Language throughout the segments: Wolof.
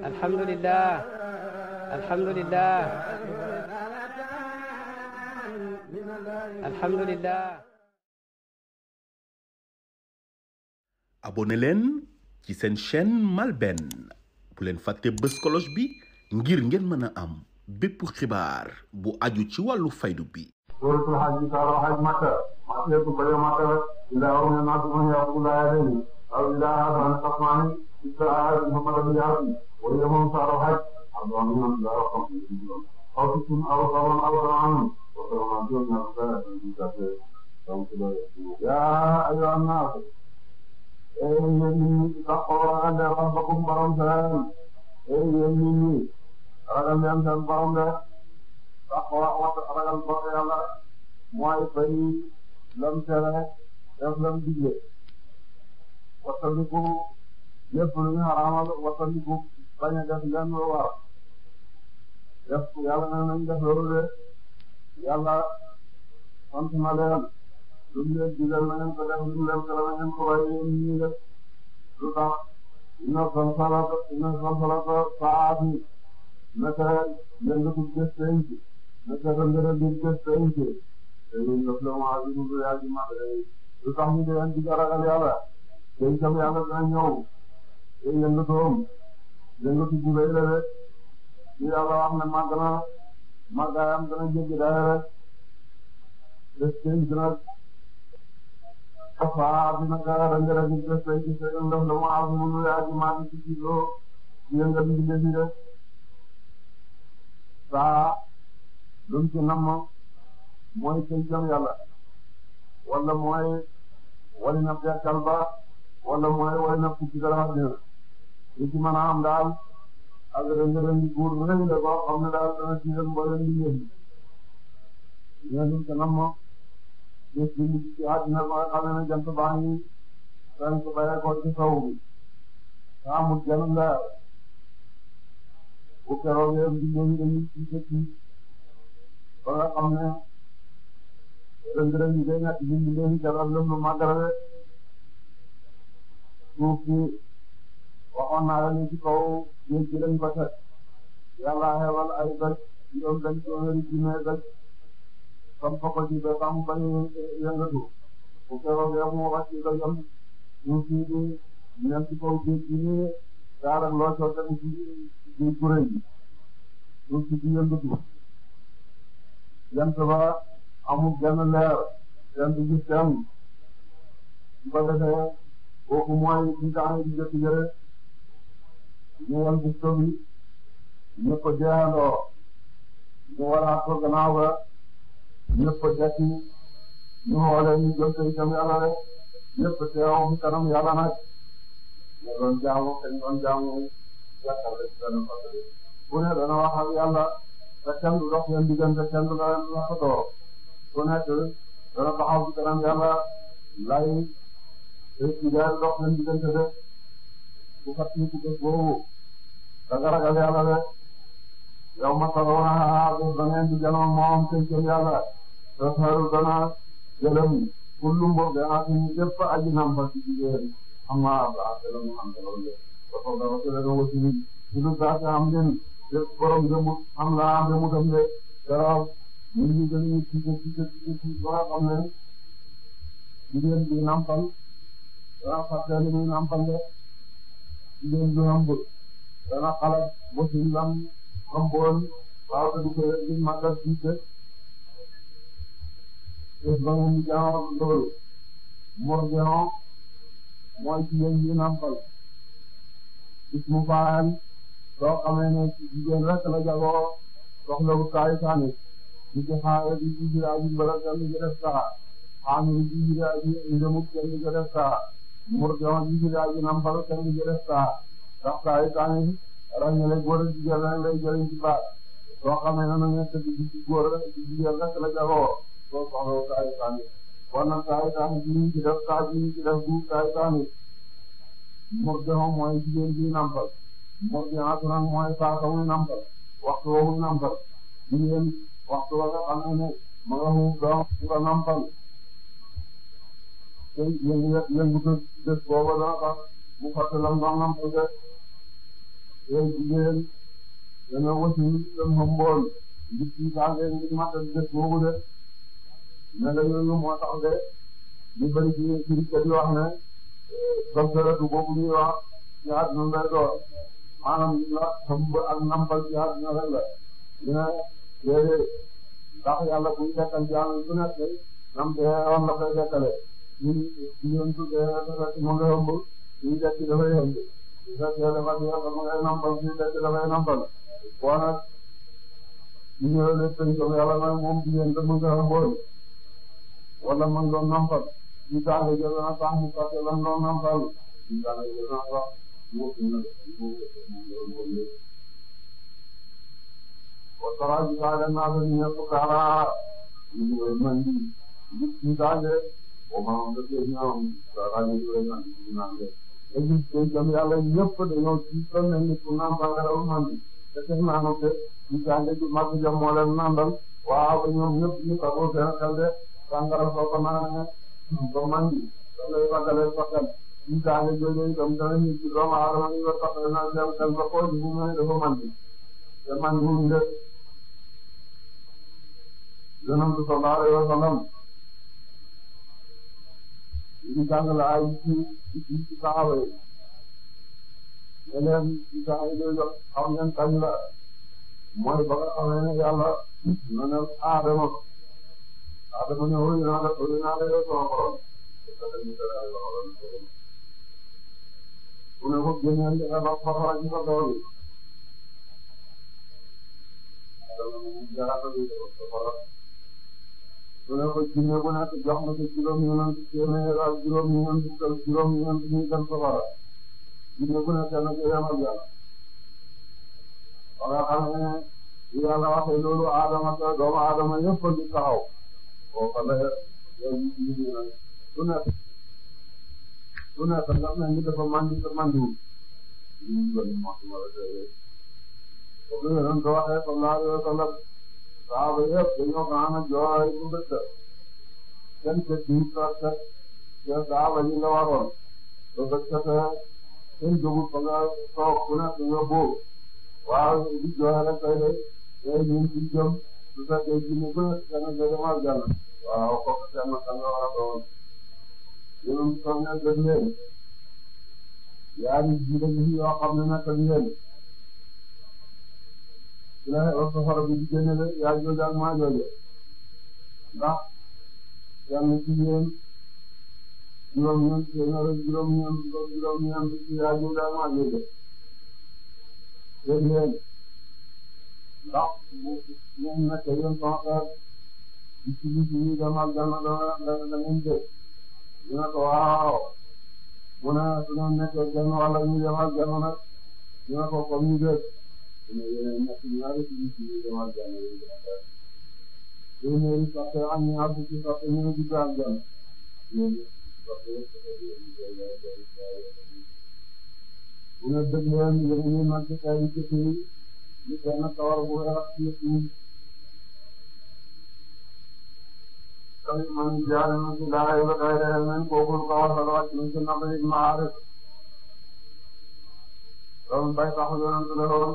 alhamdulilah alhamdulilah alhamdulilah abonné leen ci seen chaîne MALBN bu leen fàtte bës cloche bi ngir ngeen mën a am bépp xibaar bu aju ci wàllu faydu bi wóorul xaj bi saaroo xaj Makka ma seetu ko yow Makka rek إله من تطمعي إلا أهل محمد بن عبد ويوم صار حج أرضانهم لا أو تكون أو صبر أو رعان وصرنا دون يا أيها الناس إني تقوى أن ربكم برم سلام إني رغم يمسن برم لا تقوى وتقرأ البر يلا موائفين لم ترى لم تجد wattandiku lépp lu ñu xaraamal a def lenn lu war def yàlla nee nañ def loolu de yàlla sant na leen lu mu leen digal na ngeen ko def lu mu leen tere na ngeen ko bàyyi ñu def lu tax inna zalzalata inna zalzalata saa'ati naka yëngatu bés penc naka yëngatu bés penc te ñun daf leen wax ak yu bëri yaa ngi màgg lu tax ñu di leen digal ragal te yàlla dina ñëw te yëngatoom yëngatu ji ba yële rek li yàlla wax ne màgg na màggaayam dana jéggi dara rek des te dina faa dina gaa rënd rek ñu des tey ci sa yëngal mu yaa ji maa ngi ci loo yëngal ñu ngi ci des saa lu mu ci nam mooy te itam yàlla wala mooy wali na beekal ba. wala mooy way na ku ci dara àddina li ci mën a am daal ak rëng-rëng buur rëng la boo xam ne daal dana ci seen bi yëngu ñooñu kanam moom bés bi ci àddina ba nga xam ne jant baa ngi fenk bayeekoo ci sow bi te amul jant leer bu keroog yëpp di yëngu dañuy ci dëkk ba nga xam ne rëng-rëng bi day ñàkk bi ñu leen jaral lëmm màggal suuf si waxoon naa la ni ci kaw nit ki lañ ko teg ay bés ñoom dañ ko wéri junee bés ko ji ba sam bañ yëngatu bu keroogee mu wàcc ko yem suuf di ñeen ci kaw géej gi ni daarak loo coo ci di kuréel yi suuf si di yëngatu jant ba amul genn leer kooku mooy ñi nga xam ne ñu njëkk yëre ñu wal gis ko bi ñëpp a jeexandoo mu walaat ko gannaaw ba ñëpp a dekki ñu xoolee ñu jëm sa itam yàlla rek ñëpp teew fi kanam yàlla nag ñu doon jaamu te ñu doon jaamu yàqal rek benn côté bu ne dana wax ak yàlla te kenn du dox seen diggante kenn du la leen laxatoo ku nekk dana taxaw fi kanam yàlla lay. tey jii daal dox nañ diggante de bu fàttali ci bés boobu da nga ragal yàlla de yow ba waa bés ba moom tey jëm yàlla rafetlu dana jëlem pour lu mboq gannaaw fi ñu jëpp aji xam nga ab mu am jëloon de ba foog dama jëlee dama ci biir ci lu saa si am ngeen jëf laa am jëmu dem xam ne bi dana fàttali muy nàmpale jigéen ju ëmb dana xalaat ba si lam ëmboon waaw te du ko di màggal si te bés ba ngeen jaaw loolu mor jaaw mooy jigéen ju nàmpal bis mu faayal soo xamee ne jigéen rek la jagoo soxla wu kaay saani di ci xaar di ji ji daa ji mbala kenn du ko def saxaar xaar mu ji ji daa ji njëmu kenn du ko def saxaar mu jox a ci daal di naan a kenn du jëlee saa ndax saa yu saa yi ràññale góor ak jigéen rek lay jëriñ baat soo xamee ne nag ñett bi ci góor rek ci jigéen rek la jagoo soo soxlawoo saa yu saa yi kon nag saa yu saa yi bii ci def saa bii ci def bu saa yu saa yi mu joxoon mooy jigéen bi nampal mu joxaat nag mooy saa muy nampal waxtu woowu nampal jigéen waxtu wala xam te yéen yéen yéen bu dul bés boobu dana tax mu fàttali la maanaam peut être yéen jigéen dana wëccu seen mbool nit yi daa ngay nit matal bés boobu de mais nag loolu moo tax de ñu bëri ci ci kër yi wax ne comme que boobu ñuy wax ci àdduna lay doon maanaam la tëmb ak nampal ci àdduna rek la ñu ne déedéet ndax yàlla buy dekkal jaam yi su nekk nam te woon la koy dekkale. ñu ñu doon tudd mu ngi yomb ñu def ci dafay yomb ñu def ci dafay yomb mu ngay nombal ñu def ci dafay nombal waaw nag ñu ñëw leen sëñ ko yàlla nag moom jigéen te mu ngi yomboon wala mu ngi doon nombal ñu tàng jël na tàng parce que lan doon nombal ñu tàng jël na wax mu ngi nag mu ngi yomboon wa tara ji daal naa ko ñëpp kaara ñu ngi mën di ñu tàng moom ñoom rajo bi lay naan naan leen. te gis nga jëm yàlla ñëpp dañoo gis ko ne nit ku naan bàyyi la woon bi te teg naa ko te ñu jàngee ci mag jëm moo leen nandal waaw ñoom ñëpp ñu ko ko gën a xel de sàngara soo ko naanee ba man bi da lay fàttalee fàttal ñu jàngee jooju itam dana ñu ci doomu aadama ñu ko fàttali naan seen xel ba koo ji bu mu ne dafa man bi te man bu mu de yonent sallallahu alayhi wa sallam ñu jàng la ay ci ci saxaaba yi ne leen saxaaba yi xam ngeen kañ la mooy ba nga xamee ne yàlla na ne aadama aadama ne wuyu naa la wuyu naa la yow sama borom mu ne ko génneel li nga ba farfara ci sa tool bi su ne ko junne bu nekk jox ma ci juróom-ñeent téeméer ak juróom-ñeent ak juróom-ñeent ñuy dem safara junne bu nekk na ko yamal yàlla wala xam ne yàlla waxee loolu aadama sa doomu aadama yëpp a ngi taxaw boo ko defee su nekk su nekk ndax nag ñu dafa mandi te mandiwul ñu ngi doon mos wala déedéet. waaw ba yëpp dañoo baax na jooy bu bëtt seen bët yi toog kat te daaw ba ñu la waroon ba bëtt kat seen dugub ba nga toog ku nekk nga boobu waaw di jooy rek kay de tey ñun ci jëm su fekkee ji mu bëri dana gën a war jàll. waaw kooku seen kan nga war a doon yéen a ngi toog nekk ak yéen yaa ngi ji dañuy yoo xam ne nekk ak yéen. wax safara bu génne la yaa jooju ak maa jooju ndax yàlla ci yéen juróom-ñeent téeméeri juróom-ñeent juróom-ñeent yaa jooju ak maa jooju yéen ndax ñoom nag yéen sama xeer di ci biir biir dama dama dama dama jël dina ko waaw mu ne su ma nekkee genn wàll ñu dama dama nag dina ko comme ñu jël. loolu mbay taxul yoonam su la woon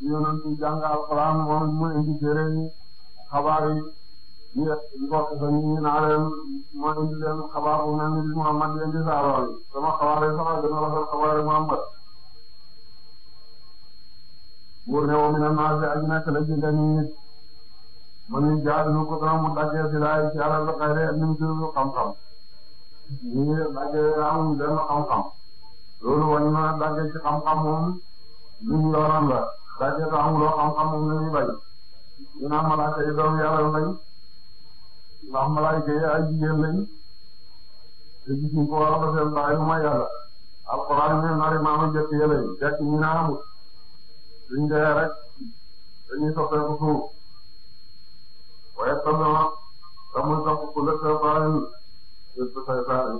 yéen a jàng alxuraan moom mu indi téere yi xabaar yi ñu mbokk sa ñu naa indi leen xabaar bu mel ni Muhammad yéen di saaroo yi sama xabaar yi sax dana rafet xabaar yi Muhammad buur wa mina naasi ak nekk la jënde nit man jaalu ko dana mu daggee si laay ci alal xayre ak nim ci xam-xam ñu daggee am benn xam-xam loolu wañ na bàyyi ko amuloo xam-xam moom la bay ñu naan malaaka yi doom yàlla lañ ndax malaaka yi ay jigéen lañ te gis ñu ko war a defee bàyyi lu may yàlla alxuraan ne nari maamu jëkk yële yi fekk ñu naa amul suñ dee rek dañuy soppeeku suuf waaye tamit tamit soppi ku lëkk bàyyi yëpp saytaane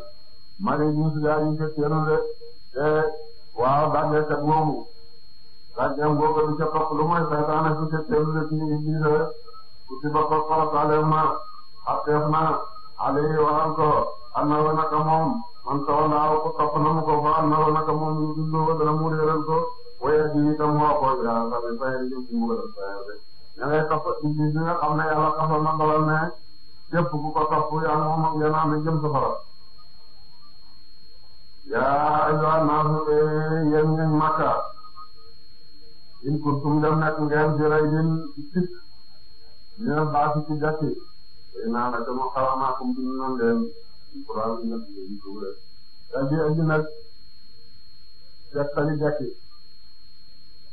maa ngi ñu si yaa ñu jëkk yële de te waaw daangeekat laajteem googu du ca topp lu mooy saytaane su ca teel la ci biir kutiba ko farat alayhim xatteef na alayhi waxal ko annahu naka moom man tawallaahu ko topp na mu ko fa annahu naka moom ñu dundoo mu réeral ko waaye ji itam ko jaa sabi sayer ji ci mu réeral sayer rek ña ngay topp iblis bi nga xam ne yàlla ku ko topp yaa moom ak yéen am jëm safara yaa ayyuhan Makka in kuntum dem nekk ngeen jëlee yéen picc ñu ne baasi ci gàcce te naa la dama xaw maa comme duñu noonu leen xuraan bi nag ñu ko wér. daal di indi nag tegtali gàcce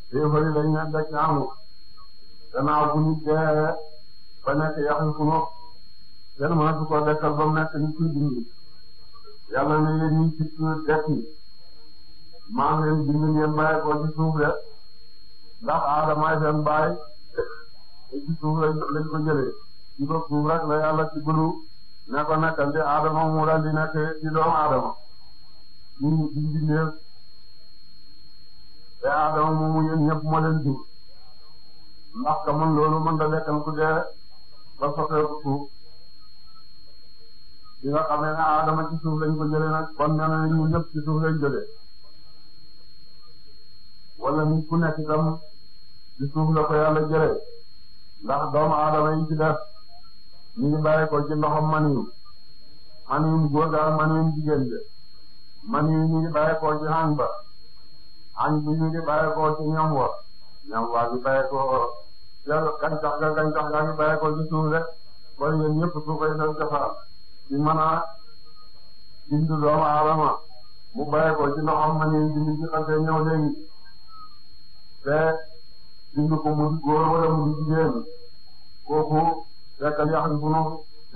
téefari lañ ne gàcce amul gannaaw bu ñu ba nekk yaxu fu moom kenn mënatu ko dekkal ba mu nekk ñu ciy dindi yàlla ne yéen ñu ci dekk maa ngi leen bind ngeen ko ci suuf de. ndax aadamaay seen baay ci suuf lañ ko jëlee ci suuf rek la yàlla ci bëlu ne ko nekkal di aadama mu daal di nekk ci doomu aadama ñu di mbindeef te aadama moomu yéen ñëpp moo jur ndax man loolu mën da lekkal ku ba soppeeku suuf di nga xamee ne aadama ci suuf ko jëlee nag kon nee na ñu ñëpp ci suuf lañ jëlee wala nit ku nekk itam ci la ko yàlla jëlee ndax doomu aadama yi ci def ñu ngi bàyyi ko ci ndoxam maniyu maniyu góor ga ak maniyu jigéen ja maniyu ñu ko ci hang ba hang bi ñu ngi bàyyi ko ci ñam wa ñam waa ngi ko yàlla gàncax ga gàncax ga ngi ko ci suuf rek kon yéen ñëpp suufay seen defar ci mën a aadama mu bàyyi ko ci ndoxam maniyu ji ñu ci xasee ñëw léegi te bind ko mu di wala mu di jigéen kooku fekkal yàqal bu nu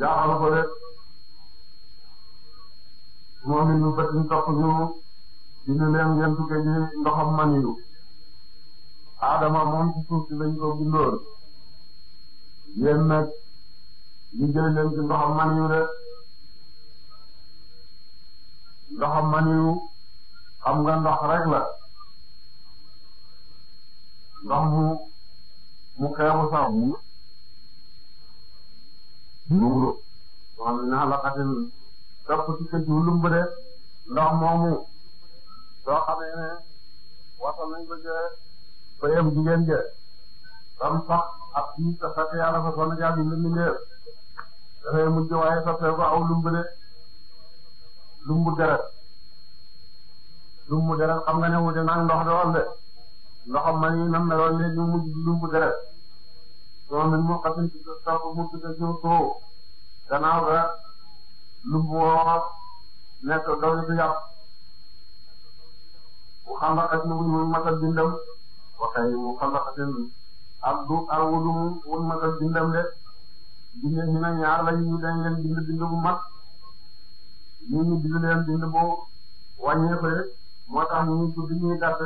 yàqal ko rek moom it ñu fekk ñu topp ñu bind maniyu Adama moom ci suuf si lañ ko bindoon yéen nag maniyu rek ndoxam maniyu xam nga ndox la. ndox mu mu xeebu saw. mu xam naa la xatin topp ci kër gi lumb ndox moomu soo xamee ne waxtaan nañ ko jëlee ba yem sax ak kii sa fekk yàlla fa sonn jàll yi lënd ngeen dafay mujj waaye soppee ko aw lumb de lumb deret lumb xam nga ne wute nag ndox de de. loxo man yi nam meloon léegi mu lumb deret soo min mu xasin ci topp mu tudd ci soo ga lumb woo nekk doole ci yàpp mu xam nga xas na wuñ mu bindam waxee mu xam nga xasin ak du ar wudu mu wuñ matal bindam de binde ñu ne ñaar lañ ñu dañ leen bind bind bu mat ñu ñu bind leen bind bu wàññee ko rek moo tax ñu tudd ñuy gàtt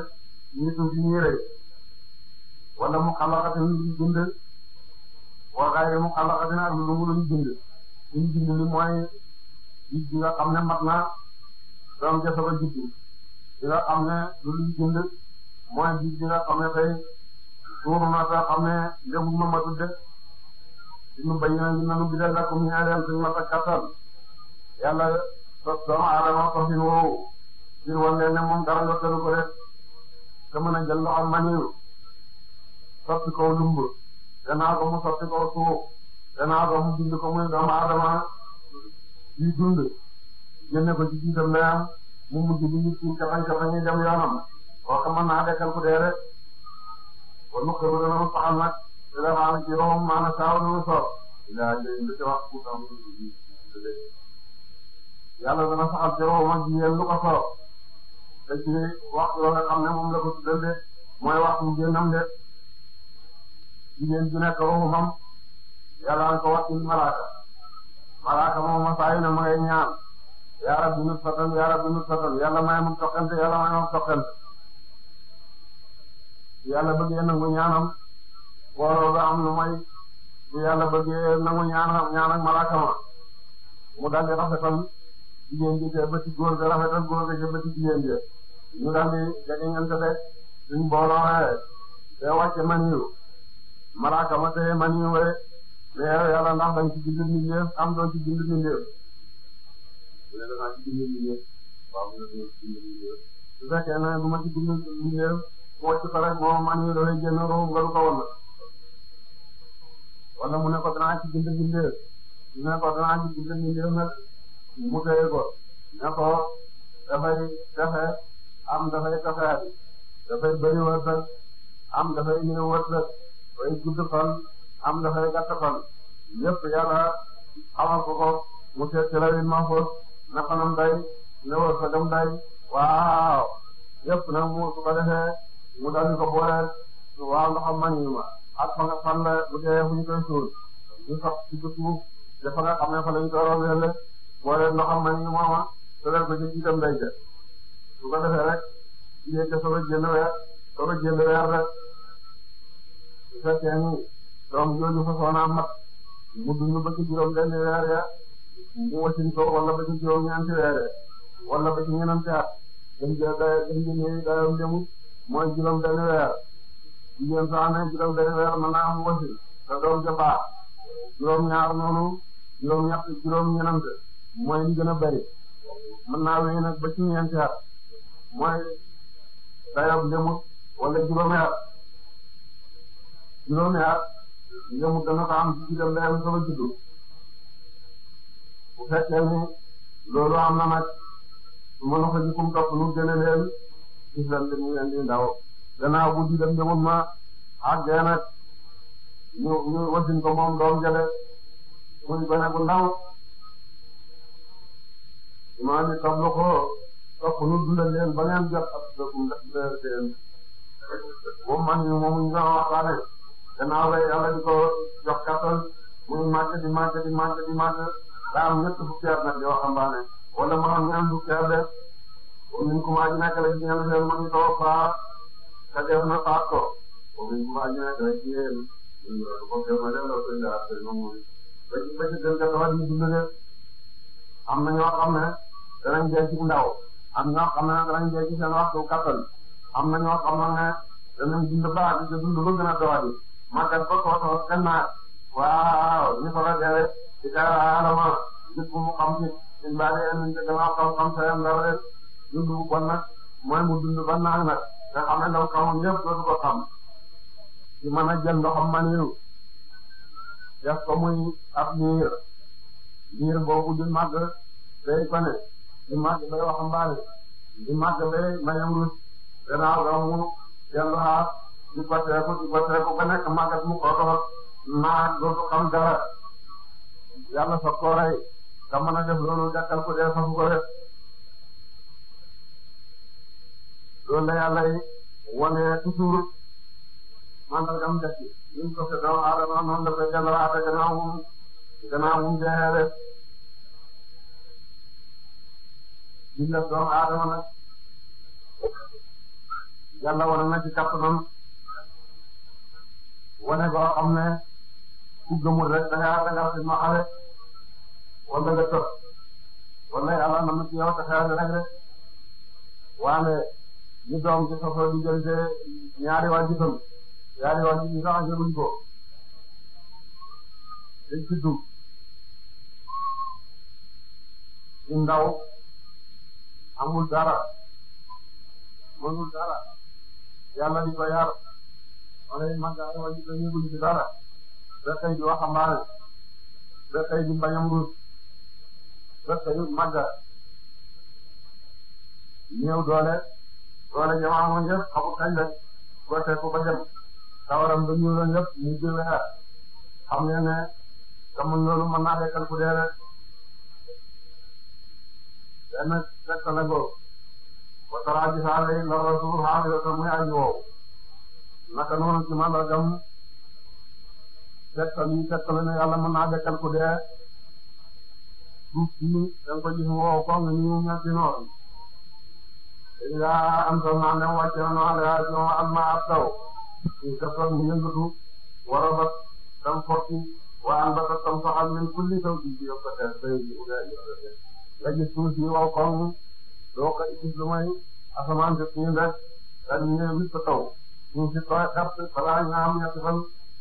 ñi suuf yi ñuy rey wala mu xalaqatin luñ bind waxaare mu xalaqatin ak lu mu luñ bind luñ bind li mooy ji bi nga xam ne mat na doom ja soog a juddu bi nga xam ne lu luñ bind mooy ji bi nga xam ne tey suuf ma sa xam ne lébu ma matul de suñu béy nañu nañu bidal la comme ñu àndal suñu mata kattan yàlla doomu aadama soxin woowu ngir wan leen ne moom dara nga tëru ko rek. te mën a jël loxo maniw sotti ko lumb danaa ko mu sotti ko mu bind ko muy doomu aadama yi ko ci jiitam layam mu mujj bi ñu ci kafañ kafañ yi dem yoonam kooku mën naa ku dee rek kon mu xëru dana mu saxal nag te dafa am ci room maana saaw dana soob ilaa jëriñ li dana saxal ci room ak jigéen lu ko te ci waxtu yoo nga xam ne moom la ko tuddal mooy waxtu génnam de jigéen ju nekk ruuxam yàlla na ko waxtu malaaka malaaka moom masaa yi ne ma ngay ñaan yaa rabbi nutfatan yaa rabbi nutfatan yàlla may ma toqante yàlla may ma toqante yàlla bëggee nangu ñaanam waroo ba am lu may bu bëggee nangu ñaanam malaaka ma mu daldi rafetal jigéen ji te bëti góor ga rafetal góor ga te bëti jigéen ji ñu daal di jege ñeent rek suñ booloo xëyee te wàcce maniyu malaaka ma teye maniyu wee mais yàlla ndax dañ ci bindu mbindeef am doo ci bindu mbindeef yéen a naa ci bindu mbindeef waaw mu ne ci bindu mbindeef su fekkee ne bu ma ci bindu mbindeef wàcc ko rek moom maniyu dafay génn roobu nga du ko woon wala mu ne ko danaa ci bindu mbindeef mu ne ko danaa ci bindu mbindeef nag mu teye ko ne ko dafay defe am dafay tasaare dafay bëri wërsëg am dafay ñëw wërsëg dafay gudd fan am dafay gàtt fan lépp yàlla xamal ko ko mu seet ci lawin ma foof na fanam day ne wërsëgam day waaw lépp nag mu su ko defee mu dal di ko booleel waaw nga xam man ma ak fa nga fan la bu dee fu ñu koy suul ñu sax ci ko suuf dafa nga xam ne fa lañu koy roobee la booleel ndoxam man ñu mooma te leen ko ci itam day def su ko defee rek jigéen ca soog a jënd weer soog a jënd weer rek su fekkee ni doom jooju fa soxna mat mu dund ba ci juróom benn weer ya mu wasin ko wala ba ci juróom ñeenti weer wala ba ci ñeneen at dañ jël day dañ jël dayam demu mooy juróom benn weer jigéen soo amee juróom benn weer mën naa am wasin te doom ja baax juróom ñaar noonu juróom ñett juróom ñeneen mooy li gën a bari mën naa wéy nag ba ci ñeenti at mooy dayam njëmut wala juróomi at juróomi at njëmut dana ko am ci dem dayam sama juddu bu fekkee ni am na nag mën ko ji kum topp nu gëne leen gis leen mu leen di ndaw gannaaw bu ji dem njëmut ma àggee nag ñu ñu wasin ko moom doom jële muy gone bu ndaw maa ngi topp ko topp nu dundal leen ba ngeen jot ak dëkkum dëkk seen moom man ñu moom ñu doon waxtaane gannaaw la yàlla di ko jox kattan muy màcc di màcc di màcc di màcc daa am ñett fukki at nag yoo xam baane wala ma am ñaar fukki at rek min ku ma ajina kala ci yéen seen man ko faa ka def na faat ko min ku ma ajina kala ci yéen ko ke ma def la ko jaar te ñoom ba ci ba ci gën ka tawa di dundale am na ñoo xam ne danañ dee ci ndaw am ñoo xam ne nag dañ dee ci seen waxtu kattan am na ñoo xam ne danañ dund baax di dund lu gën a doy màggal ba koo kenn naa waaw ñu ko la dee ci kaalama nit ku mu xam ci suñ baalee nañ ca gannaaw xam-xam sa yam dara de dund bu kon mooy mu dund ba naag nag nga xam ne ndaw xamam yëpp dootu ko xam ci mën a jël ndoxam maniru def ko muy ab niir niir boobu di màgg day ko ne di màgg bay waxambaane di màgg bay mbayam rus gannaaw ga mu dellu xaar di botteeku di botteeku ba nekk màggat mu kootoor naat dootu xam dara yàlla soog koo rey nga mën a def loolu jàkkal ko dee fafu ko def loolu la yàlla yi wane toujours mandargam def ci ñu ko fi doomu aadama noonu la koy delluwaat gannaaw mu gannaaw mu jeexee di def doomu aadama nag yàlla wane na ci kattanam wane ba xam ne ku gëmul rek da ngaa da ngaa ma xale wala nga tëb wala yàlla na ma ci yow te xeetu rek rek waane ñu doom ci soxla diggante ñaari waa jitam ñaari waa jitam sax jëluñ ko dañ ci dugg ci ndaw. amul dara mënul dara yàlla di ko yar wala yi mag dara wala yi ko yëguñ dara ba tey di waxambaane ba tey di mbañam ruus ba tey mag ñëw doole doole jama amoon yëpp xamu kañ la gote ko ba dem tawaram ba ñuuloon yëpp ñu jëlee xam ngeen ne xamuñ loolu mën naa dekkal ku dee benn tegtal la góob ba taraa ci saa yi lor la suuf xaaral yoo xam muy aji woowu naka noonu ci màndargam tegtal yi tegtal la ne yàlla mën naa dekkal ku dee suuf si da nga ko gis mu wow koŋŋ ni mu ñetti noonu. yaa am sax naa ne wàcce na noonu la yaa ci moom am naa ab taw ñu def ko mu yëngatu war a ba tam forti waa am ba tam saxal min kulli taw bi yëpp a teel ba yëngu nga gis suuf si wow koŋŋ doo ko lu may asamaan si suñu rek daal ñu ne wis si tooy xat balaa nga am ñetti fan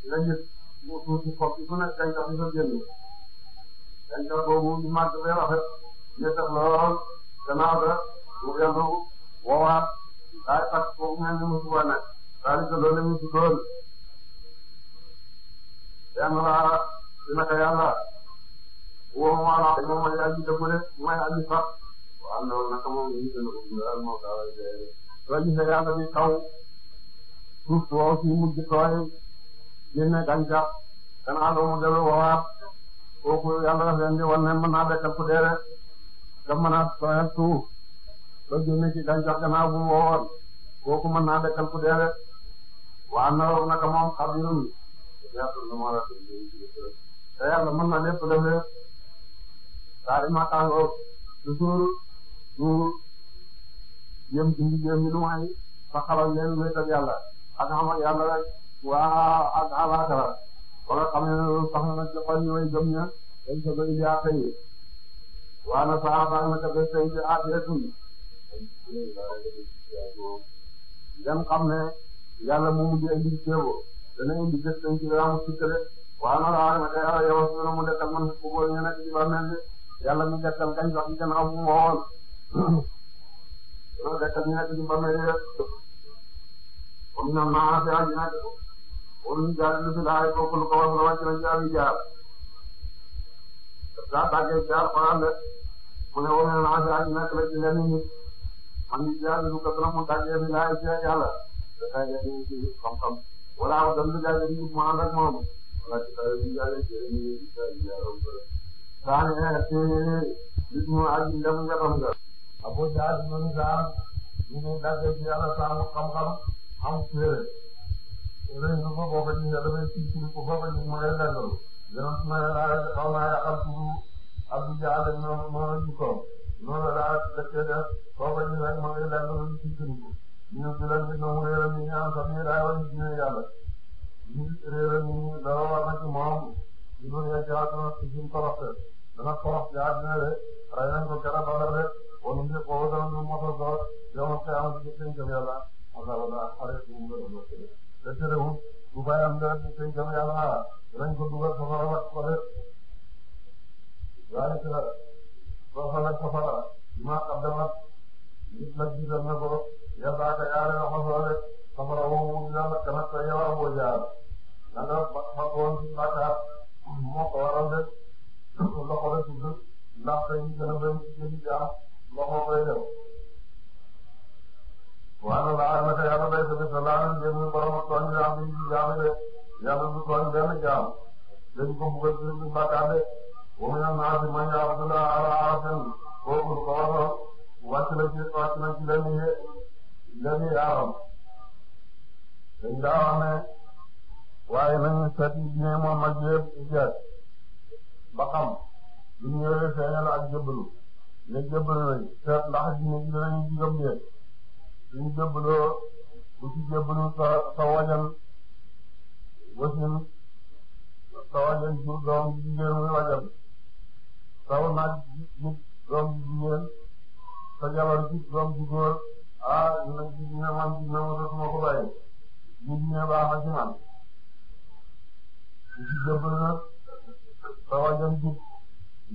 nga gis suuf si xob bu nekk gàncax gi nga boobu ñu màgg bee rafet ñu def lool gannaaw ga mu dellu woowaat daal di fàttali foofu mel ni mu la ñu si doon. yàlla dina ko yàlla. woo ma wala te moom mooy aji dëggu de mooy aji sax waaw loolu nag moom it dana ko dundal moom daa lay dee. soo gisee yàlla bi taw suuf soo si mujj tooy génne gàncax gannaaw la mu dellu woowaat kooku yàlla daf leen di wan ne mën naa dekkal ku dee rek nga mën a tooyal suuf ba génne ci gàncax gannaaw bu mu kooku mën naa dekkal ku dee rek waaw loolu nag moom xabirum te yàlla mën na lépp def saa dañoo taxawoo toujours ñu yem ci liggéeyam ñu nu may fa xamal leen wéetal yàlla ak xam ak yàlla rek waa ak alaaka wala xam ne sax na ci xol ñooy gëm ña dañ ko doon yaa xëy waa na saa baax na ca bés tey ci àddiretul ngeen xam ne yàlla mu mujj indi ceebo dana indi bés tey ci raamu sukkale waa na laa na kay ala yow su na mu dëkkal man ku boole ñu nekk ci bàmmeel yàlla mi dekkal gàncax gi gannaaw bu mu waxoon loolu dekkal ñu nekk ci mbamee rek comme ñoom maanaam si àddina ak wala jaaree lu si laay kooku lu ko wax la wàcc na jaar yi jaar daa tàggee jaar xoolal rek mu ne wala maanaam si àddina ak la ci lenn nit man ñu jaar lu ko dara mu tàggee bi laay ci yàlla dafay jafe ci xam-xam wala aw dem lu jaay dañuy mu ànd ak moom wala ci xale bi jaay dañuy jaay jaay saane ci ismu ak ndam njabam nga abu jahl moom saam ñu ngi dagge ci yàlla saamu xam-xam am téere ren ko booba ñu yàlla may ci ci ko booba ñu mooy lenn yoon ma la xaw ma yàqal tuuru abu jahl moom moo jikkoom noonu laa dëkkee def booba ñu rek mooy lenn ci ci ñu ci lan ci noonu réeram yi ñu am sax ñu daa war ñu yàlla ñu réeram yi dara war na ci moom li mun nga jëlaat si suñ toroxte dana torox ca àddina de rey nañ ko keroog Badar de wala mu ko wala mu mos a yow ma koy amal ci seen jëm yàlla ma ko wala xale si mu ngi doon mos a te terewul bu bàyyi am dara ci seen jëm yàlla dinañ ko dugal safara wax ko de waaye ca soxal ak safara li ma xam dama nit la jiital ko yàlla ak yaare la xasoo rek safara woowu ñu naan kanam sa na nga ba ba woon ci bàkkaar moo ko waral rek loxo la tudd ndax tey gën a béy ci jëli jaa loxo koy def waaye laa naka yàlla day def te laa leen jënd borom ak tooñ yaa ngi ci jaam de yàlla du tooñ benn jaam dañ ko bëgg a jënd bàkkaar de wa mina naasi man ya'budu ala arafin kooku lu ko waral wàcc na ci wàcc na ci lenn yee lenn yaaram dañ daa wax ne waaye nañu seet diine moom ak yëpp seet ba xam lu ñu feeñal ak jébbalu ne jébbalu nañ seet ndax diine ji danañu ci gëm dee suñu jébbaloo bu ci jébbalu sa sa wasin sa wajal jur doom ji jigéen muy wajal saw naaj nit doom ji jigéen sa jabar ji doom ji góor ah dina diine man diine mu dootuma ko bàyyi ñu diine baax a ci man di ci góorgóorlu nag soo wàññeeku jub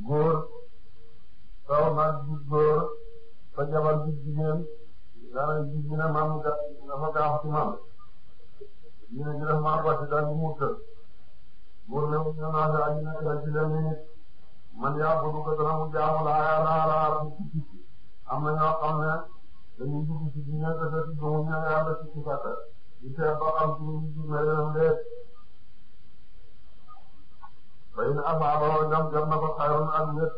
góor soo mag jub góor sa jabar jub jigéen daanaka jub dina maam ga dafa gaaw ci maam dina dina maa ko ci daal di mucc góor ne ñu naan la ñu ne la ci leneen man yaa bëgg ko dana mu jaamu laa yaa laa laa la ci am na ñoo xam ne dañuy dugg ci dina te te te mu ñëw yaa la ci ci fàtte di seet ba xam ci ñu ci mel ne bay na asaabawo ñoom jot na ko xayrun ak wét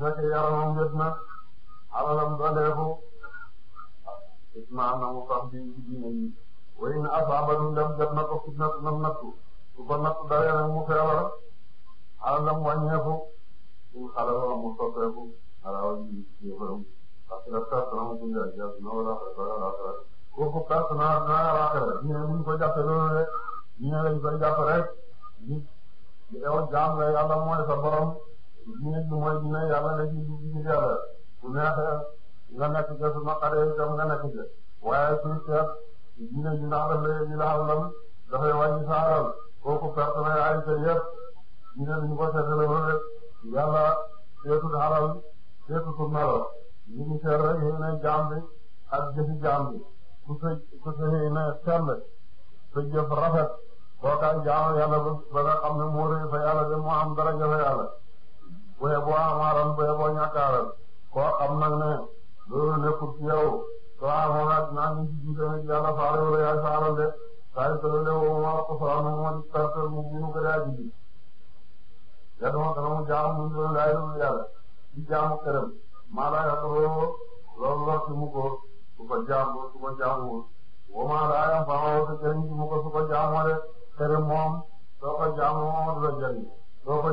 nekk yaramam wét na alalam doleeku isma na mu sax bi diine yi way na asaabanu dem jot na ko fitna nam nattu su ko nattu daree nag mu feebar alalam wàññeeku suñ mu soppeeku alawa ji yëfaram parce que perte na mu dund ak yas na wala wala kooku perte na na raxere ñu ne ñu ko jàppe loolu rek ñu ne lañ koy yow jaam la yàlla mooy sa borom nit la ci ci yàlla bu nga nekk su naqaree itam nga nekk ca waaye suy seet dina ñu ndax daf lay ñu la xamlam dafay wàññi sa kooku perte na ay ca yëpp dina ñu ko seetale loolu rek yàlla seetul alal seetutul naro ñu ngi seet rek xëy na jaam ku sa ku sa xëy na sell sa kookaay jaamu yàlla ba nga xam ne moo rëy fa yàlla de moo am fa yàlla bu yeboo amaaral bu yeboo ñàkkaaral koo xam nag ne loolu nekkul ci yow soo amoon ak naa ngi ci jiite nag yàlla faale wala yaay faaral de saa yu tële lee woo ma ko soxla mu mën perte mu munu ko daa ji yàlla moo tax mu jaamu mu doon laay lu jaamu këram maa laa yàq loolu loolu la mu ko su jaamu su jaamu woo maa laa yàq faaw te jëriñ ci mu ko su ko jaamoo tere moom soo ko jaamoo moom du la jëriñ soo moo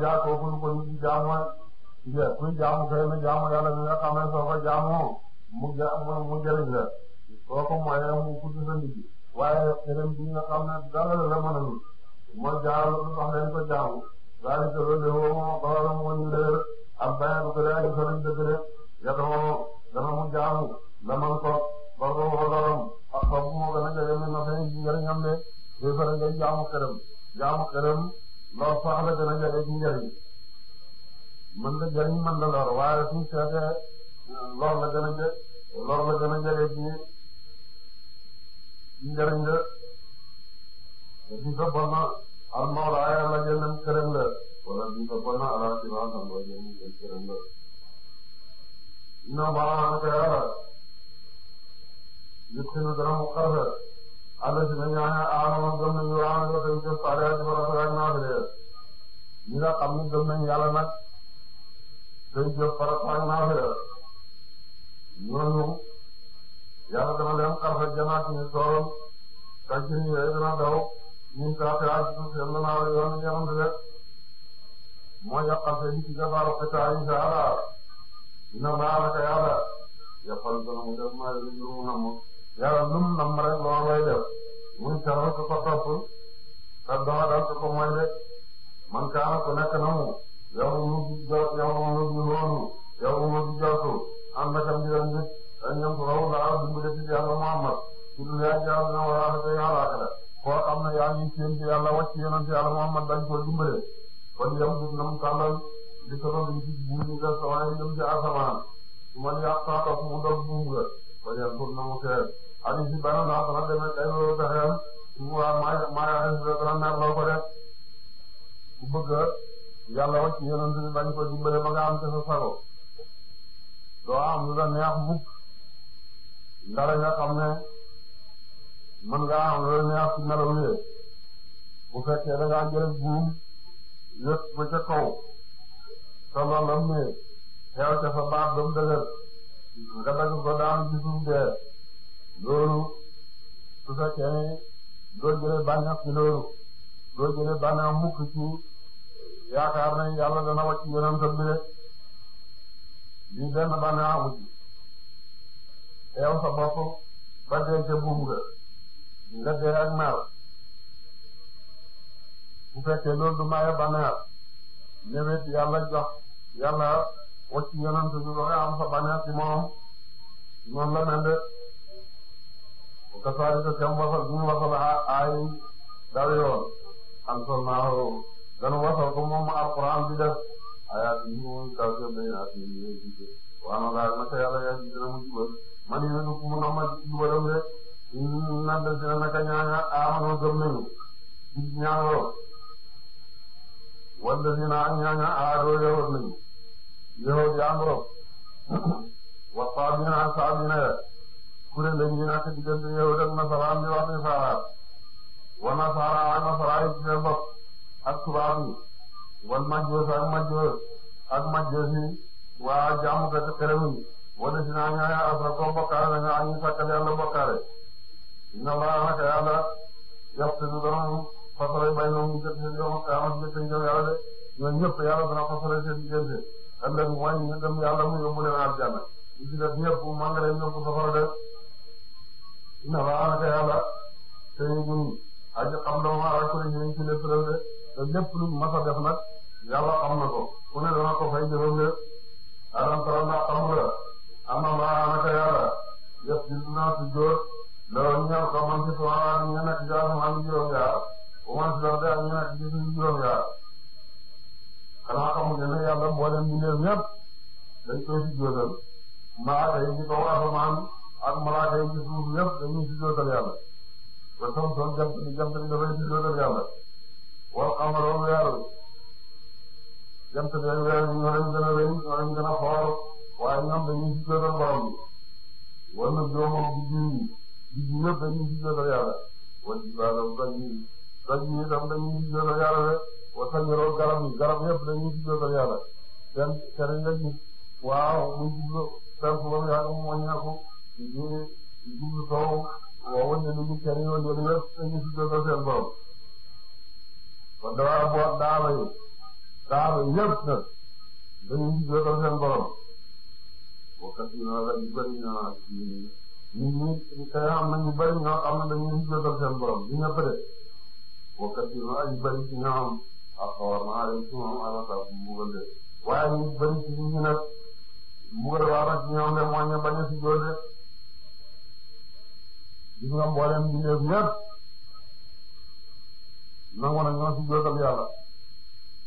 jaa ko nit di jaamoo njëkk kuy jaamu kay jaamu yàlla mi nga xam soo ko jaamoo mu ja mu jëriñ la soo ko moyee mu kutu sa nit waaye keneen a lu moo jaa lu tax ko jaamu daal ko loolu de woo moo ko waral moo leer ab bàyyi bu ko daal di bokk ci yaakaar ne yàlla dana wàcc yonent bi de lii benn bànneex amu ci teew sa bopp ba dee ca buum nga nga dee ak mer bu fekkee loolu du maye bànneex ñëwet yàlla jox yàlla wàcc yonent bi ba nga am sa bànneex ci moom noonu la mel de bu ko saa di ko kem wasal bu ñu wasal aay anzalnaahu danu wasal ko moom alquran di def ayati mu kawte bayinaati yi gise waano laal naka yàlla yaa ngi dina mu jubal man yi nanu ku mu nama jubalam de nan de dina naka ñaaña aamanu gëm nañu di ñaanoo walla dina ñaaña aadoo yawat nañu yawat di amro wa saabina saabina ya kuréel lañu yi naka diggante yawat ak nasaraan di wax ni faaraat wa nasara ak nasara yi ci ak tubaab yi wal majjoos ak majjoos ak majjoos waa jaamukat xerem yi wala si naa ñaare asra ko bokkaale nañu ak ñu sàkkal yàlla bokkaale inna laa naka yàlla yaxtinu dana fasale bay noonu mu jëkk seen yoonu kaama si jëkk ngëm yàlla de ñoom ñëpp yàlla dana fasale seen diggante ëllëg mooy ñu gëm yàlla mu yóbbu leen aljanna ñu ci def ñëpp màngale ñëpp safara de inna laa naka yàlla te ñu aji xam la moom yi ñu ngi ci les relais te lépp lu mas a def ko ku ne dana ko fay jëfam alam tara ndax xamul am na laa naka yàlla yëpp gis naa si jóor loolu ñaar ko man ci soxlaa ñu nekk jaaraama juróom man ci def de ak ñu nekk gis juróom-ñaar xanaa xamul ne yàlla mboolem mbindeef ñëpp dañ koy si jóotal malaaka yi ak malaaka yi ci suuf yëpp dañuy si jóotal yàlla. ba soog soog jant bi jant bi dafay julloo yàlla wal qamaru weer jant bi ak weer ñoo leen gën a rëy ñoo leen gën a xool waaye ñoom dañuy julloo borom bi wala doomam biddi biddi yëpp dañuy julloo yàlla wala jibaale doj yi doj yi itam dañuy julloo yàlla rek wa sañiroo garab yi garab yëpp dañuy julloo yàlla seen kër yi nga gis waaw muy julloo seen suba yàlla mu wàññeeku di jublu soow waxuñ ne nit ñi kenn yoon yéen yëpp dañuy sujjóotal seen borom kon damaa la boot daaba yi daaba yëpp nag dañuy sujjóotal seen borom waxtu bi noonu la ñu bëri ñoo nit ñi kay xam nañu bëri ñoo xam ne dañuy sujjóotal seen borom du ñëpp de waxtu bi noonu la ñu bëri ci ñoom ak xaw ma naa leen ci moom alaaka bu mu bëri waaye ñu bëri ci ñi nag mu bëri waa nag ñoom de moo ñu bañ a sujjóote gis nga mboolem mbindeef yépp nangu na ñoo si jootal yàlla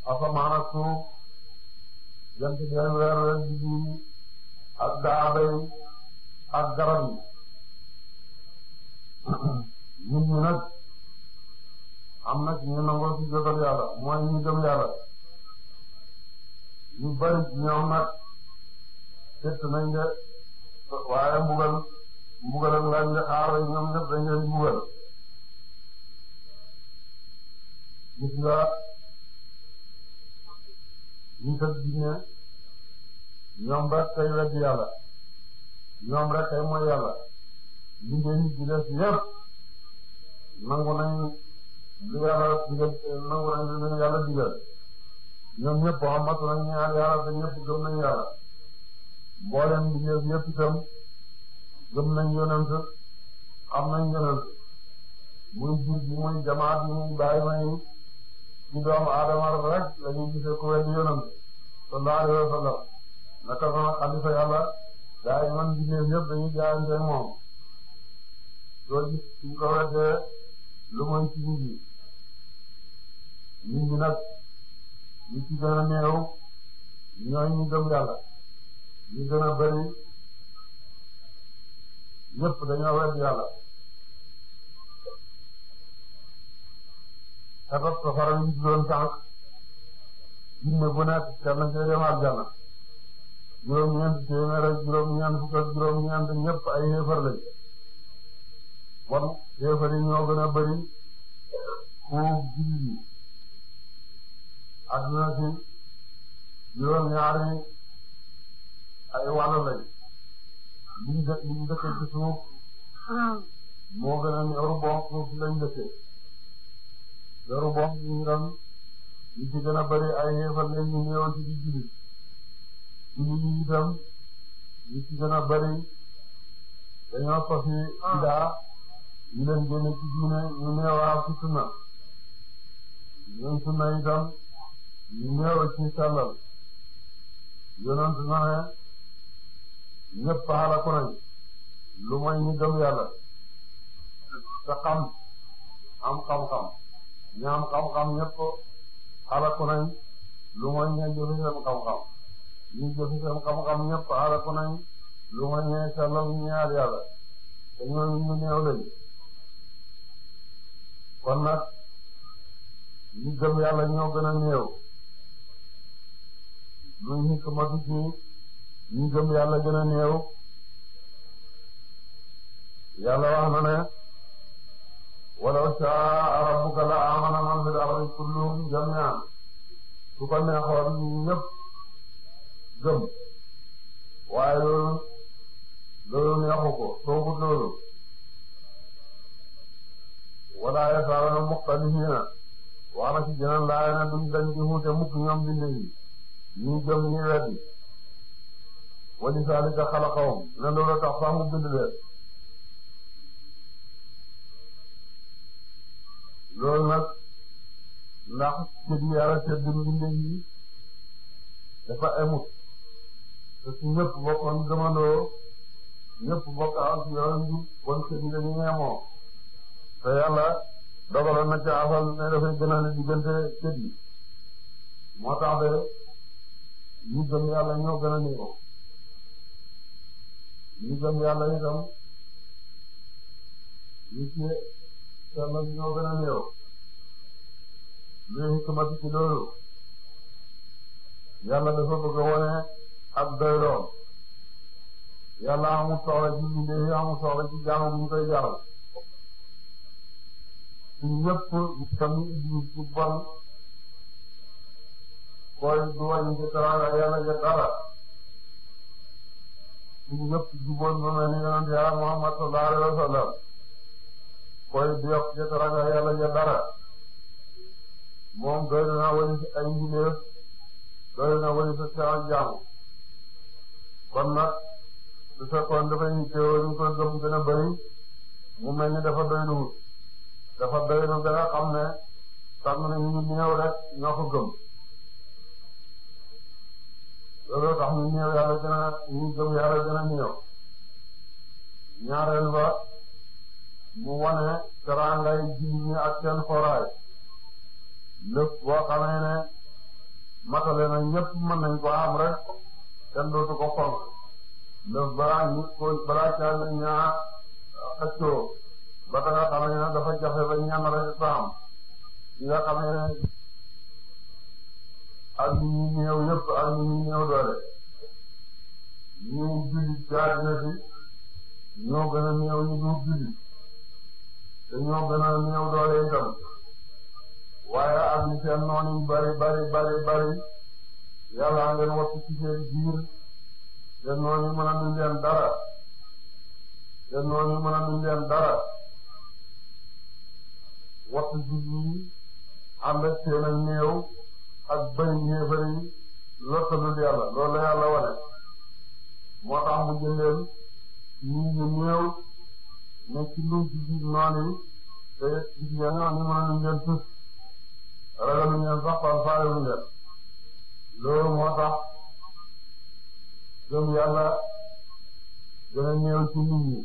asamaan ak suuf jant bee weer weer ji ak daabay ak garab yi nit ñi nag am na ñu nangoo ci jotal yàlla mooy ñu gëm yàlla ñu bari ñoom nag tëtt nañ de waaye mbugal mbugalam nga ñu xaar ñoom ñëpp dañ leen mbugal gis nga ñu tëj diine ñoom rek kay wedd yàlla ñoom rek kay mooy yàlla li ngeen di def yëpp nangu nañ li yàlla digal nangu nañ li yàlla digal ñoom ñëpp xamatu nañ ñaar yàlla te ñëpp gëm nañ yàlla mboolem li ngeen yëpp itam gëm nañ yonent xam nañ yonent muy jur gi muy jamaat yi muy bàyyi may ci doomu aadama rek la ñuy gisee ku wér yonent sallallahu alayhi wa sallam naka sama xalifa yàlla gaa yi man bindee yëpp dañuy jaayante moom doo gis suñ ko weddee lu muy ci nit yi nit ñi ci gën a néew ñooy ñu gëm yàlla ñu gën a bari ñëpp dañoo wedd yàlla sabab safara ñu doon tànk jinne bu nekk kenn ci dem aljanna juróom-ñeent téeméer ak juróom-ñeent fukk ak juróom-ñeent ñëpp ay yéefar lañ bon yéefar yi ñoo gën a bëri fuuf jullit yi adduna si juróom-ñaari ay wàll lañ li ñu def li ñu dëkkee ci suuf moo gën a ñoru boox suuf si lañ dëkkee ñoru boox ñu ngi doon li ci gën a bëri ay xeefal lañ ñu néew ci di julli julli yi itam li ci gën a bëri dañoo sos yi daa ñu leen génne ci diine ñu néewaa ci sunna ñun sunna itam ñu néew ci sàllal yonent naxe ñëpp xalaku nañ lu mooy ñu gëm yàlla te xam am xam-xam ñu am xam-xam ñëpp xalaku nañ lu mooy ñee jëfi seen xam-xam ñu jëfi seen xam lu mooy ñee sellal ñaar yàlla te ñooñu ñu néew lañ kon nag ñu gëm yàlla ñoo gën a néew luñ xikmatu ci ñi gëm yàlla gën a néew yàlla wax shaa rabbuka la amana man fil ardi kulluhum jami'an su ko neexoon ñëpp gëm waaye loolu loolu neexu ko soogut loolu wala yasaaluna na ci jeneen laaya ne duñ dañ di xuute mukk ñoom binde yi wali zalika xalaqahum ne loolu tax fa mu bind leen loolu nag ndax sedd yàlla sedd mbinde yi dafa amut te su ñëpp bokkoon gëmandoo ñëpp bokk ak yoon bi bon sedd yi dañu ñeemoo te yàlla dogaloon na ci asal ne dafay gënale diggante sedd tax de ñu gëm yàlla ñoo gën a ñu gëm yàlla itam ñu ci sellal ñoo gën a néew luy xikmati ci loolu yàlla dafa bëgg a wone ak doyloom yàlla amul soxla ci bindee amul soxla ci jaamu bu ñu koy jaral ci ñëpp itam bu bon koy du wàññi ci teraanga yàlla ja dara ci ñëpp jubóon ba mel ni yonent yàlla Muhammad sallallahu alayhi wa sallam koy di yokk ci teraanga yàlla ja moom doy na wali si ay ngileef doy na wali sa seex jaamu kon nag su fekkoon dafay teewoo ñu gëm gën a bëri mu mel ni dafa doy dafa doy lu xam ne sàmm nañu ñu néew rek ñoo ko looloo tax ñu néew yàlla gën a ñu gëm yàlla mu wane teraangay jullit ñi ak seen xoraay lépp boo xamee ne matale na ñëpp mën nañ ko am rek kenn dootu ko fonk lépp balaa ñu ko balaa caa ñaa xëccoo ba tax a da ne ba ñan rek saam yi nga xamee ne ak ñi ñuy néew ñëpp ak ñi ñuy néew doole ñu jullit ci àddina si ñoo gën a néew ñu dul jullit te ñoo gën a néew doole itam waaye ak ñi seen noon yi bari bari bari bari yàlla ngeen wattu ci seen biir te mën a duñ leen dara te mën a duñ leen dara wattu jullit yi ànd ak seen ak bëri yéefar yi lottalul yàlla loolu la yàlla wane moo tax mu jëndeel ñii ñu néew ne ci lu ci biir noonu yi te gis nga ñoo ni mënuñu ngeen tus ragalu ngeen sax kon faayu ngeen loolu moo tax gëm yàlla gën a néew ci nit ñi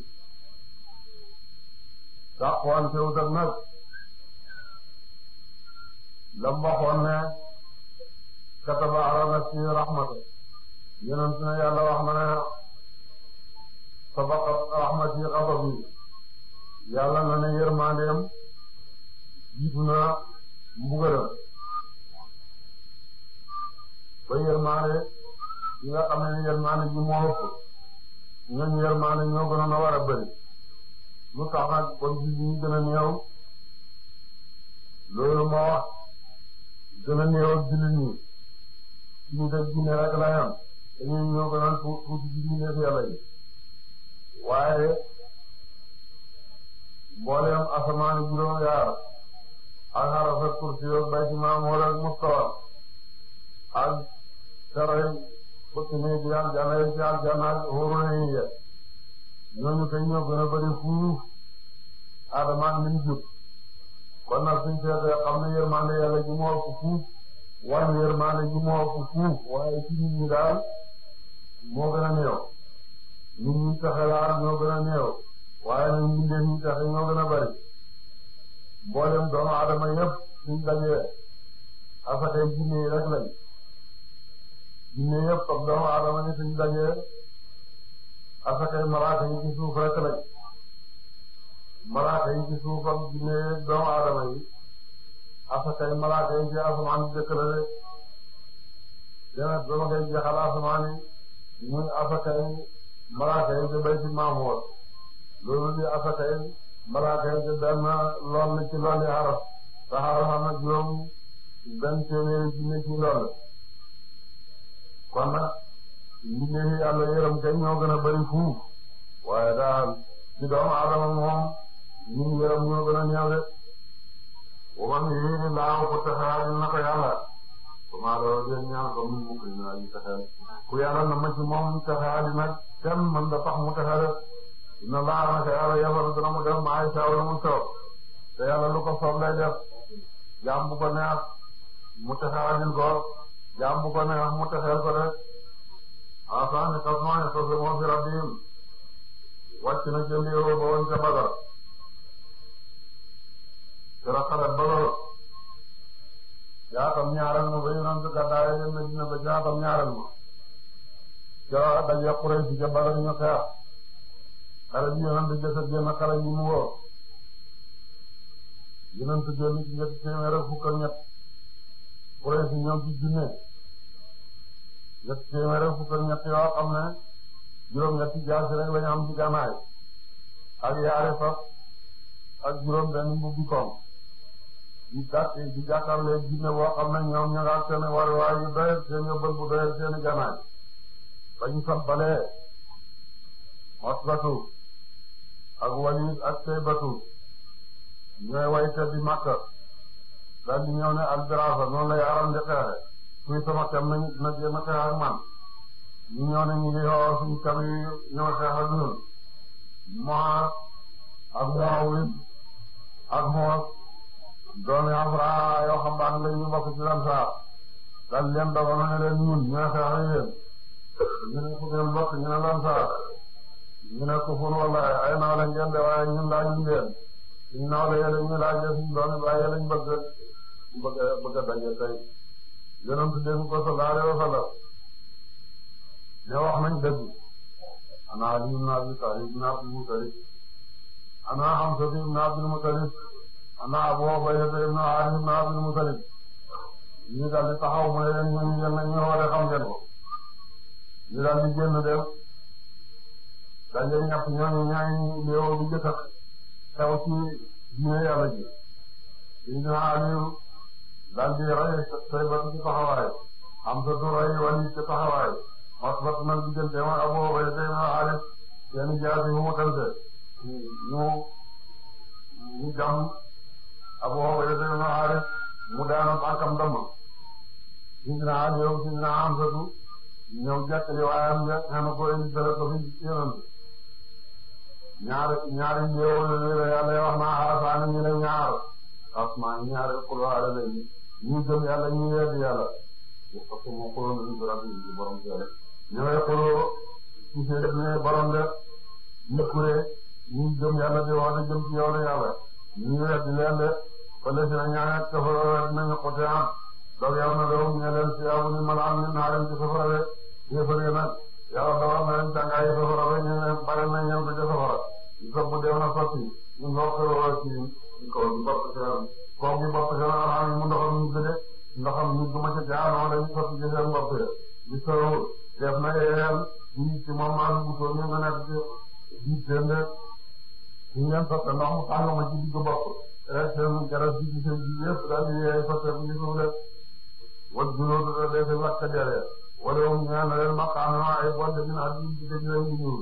sax wante wutal nag lam waxoon ne kataba ala nafsi rahmata yonent na yàlla wax na ne sabaqat rahmati ghadabi yàlla na ne yërmandeem jiitu na mbugalam ba yërmande yi nga xam ne yërmande ji moo ëpp ñoom yërmande ñoo gënoon war a bëri lu tax nag kon ji ñu ñu def jinne rek la ñam dañuy ñëw ba naan pour pour ci mbindeefu yàlla yi waaye yaar ak xarafa kursi yoog bay ci maam wala mustawa ak saray bëkki ne ci aljanna yi ci aljanna ak xóoru na yi fuuf adama ak liñ jub kon nag suñ seetee xam ne yërmande yàlla ji moo ëpp fuuf wan yërmaane ji moo fu fuuf waaye ci nit ñi daal moo gën a néew nit ñi taxe laal ñoo gën a néew waaye nag mbindeef ñi taxe ñoo gën a bari mboolem doomu adama yëpp suñ dajee asakay jinne yi rek lañ jinne yëpp comme doomu adama yi suñ dajee asakay malaaka yi ci suuf rek lañ malaaka yi ci suuf ak jinne doomu adama yi asakay malaaka yi ci asamaan yi jëkk la de dana dama koy jeexal asamaan yi muy asakay malaaka yi ci bayti maamuwoon loolu di asakay malaaka yi ci benn lool la ci lool yi xaraf te xaraf am na juróom benn téeméeri junne ci lool kon nag ñu ne yàlla yërëm kay ñoo gën a bari fuuf waaye daal ci doomu aadama moom ñu yërëm ñoo gën a ñaaw waman yi laaw ko texeel na ko yàlla comment loolu yëpp ñaar ko mu mukk naa ñu texeel ku yàlla na ma ci moom texeel yi nag kenn da tax mu texeel dina na ko yàlla yabal dina mu def ma ay saa mu soob te lu ko soob lay def jaam mu texeel ko jaam bu ko mu texeel ko de ah saa ni xas maa ne sos moo fi rabbiim wàcc na jënd dara xalaat ba lool jaatam ñaaral ma ba yonent gàddaay ya Medina ba jaatam ñaaral ma ca daje Quraysh ca Badar ñu xeex xale bi yonent jësa génn xale bi mu woo yonent génn ci ñetti téeméer ak fukk ak ñett Quraysh ñoom ci junne ñetti téeméer ak fukk ak ñett yoo xam ne juróom-ñetti jaasi rek lañu am ci gànnaay ak yaare fas ak juróom benn mbubbi koom di gàtt di jàkkaarloo jinne boo xam ne ñoom ñu nga seen waruwaay yu doyal seen yóbbal bu doyal seen ganaay bañ sabbalee ñooy wayte bi Makka daal di ñëw ne albiraasa noonu lay aram di xeexe kuy sama kam na na jéem a xeex ak man ñu ñëw ne ñu ngi xoo suñu kam yi ñoo xeex ak ñun moor ak moowit doomi Afra yoo xam daan lañu bokk ci Ansaar dal leen dogaloon ne leen ñun ñu ne xeex ak yéen ñu ne fu ngeen bokk ñu ne Ansaar ñu ne kufur wala ay naaw la ngeen de waaye ñun laajuñ leen suñu naaw la yéen ñu laajee suñu doomi baay yéen lañ bëgg bëgg bëgg a daje tey yonent bi dégg ko sallallahu alayhi wa sallam ne wax nañ dëgg ana Ali ibn Abi Talib ibn Abdul Muttalib ana Hamza ibn Abdul Muttalib ana Abu Ubayda ibn Aamir ibn Abdul Muttalib ñu daal di taxaw mu ne leen ñu ñu ngeen ñu war a xam ngeen ko ñu daal di génn dem daje ñàkk ñooñu ñaañu léew bi jëkk xew ci diine yàlla ji ibn Aamir daal di rey Shayba ci taxawaay Hamza du rey Waliid ci taxawaay Utba nag diggante ma Abu Ubayda ibn Aamir seen jaasi mu mu ñu ñu jàmm Abu Ubayda ibn Haaris mu daanu tànkam damm Sidina Ali yow Sidina Hamzatu ñoom jàkkali waayam ja xana ko indi dara ko fi yonent ñaari ñaari yow la yàlla wax na xarafaani ñu ne ñaar asmaan ñaari xulwaare lañu ñu gëm yàlla ñu weddi yàlla parce que moo xuloo nañu dara bi borom seere ñooy xuloo ci seen de ñu kuree ñu gëm yàlla di wax ne jëm ci yow la yàlla ñu weddi leen de wala si la ñu àgg sa bopp dinañu ko see am loolu yow nag yow ñu leen si yow ni ma la am ñun naa leen ci safara de yéefaree nag yow dawal na leen tàngaay yi safara ba ñu ne bare na ñëw di safara ñu soog mu dem na sotti ñu mboq lool ci kaw bi bopp si yow kaw bi bopp si yow xam ne mu ndoxam ñu gëdë ndoxam ñu gëm a ca jaar wala ñu sotti ci seen bopp ya ñu soog def na yéen ñu ci moom maa ngi guddoo ñu nga nekk ci biir seen de ñu ngeen sotti ndox mu tàng ma ci digg bopp. seen garab gi ci seen a yëpp daal di yee soppeeku ñu suuf rek wala gunóor la dee fi wàcc jare wala moom ñu naan leen maqaama ay bonde ñu naan ñu ci dëgg lañ di ñëw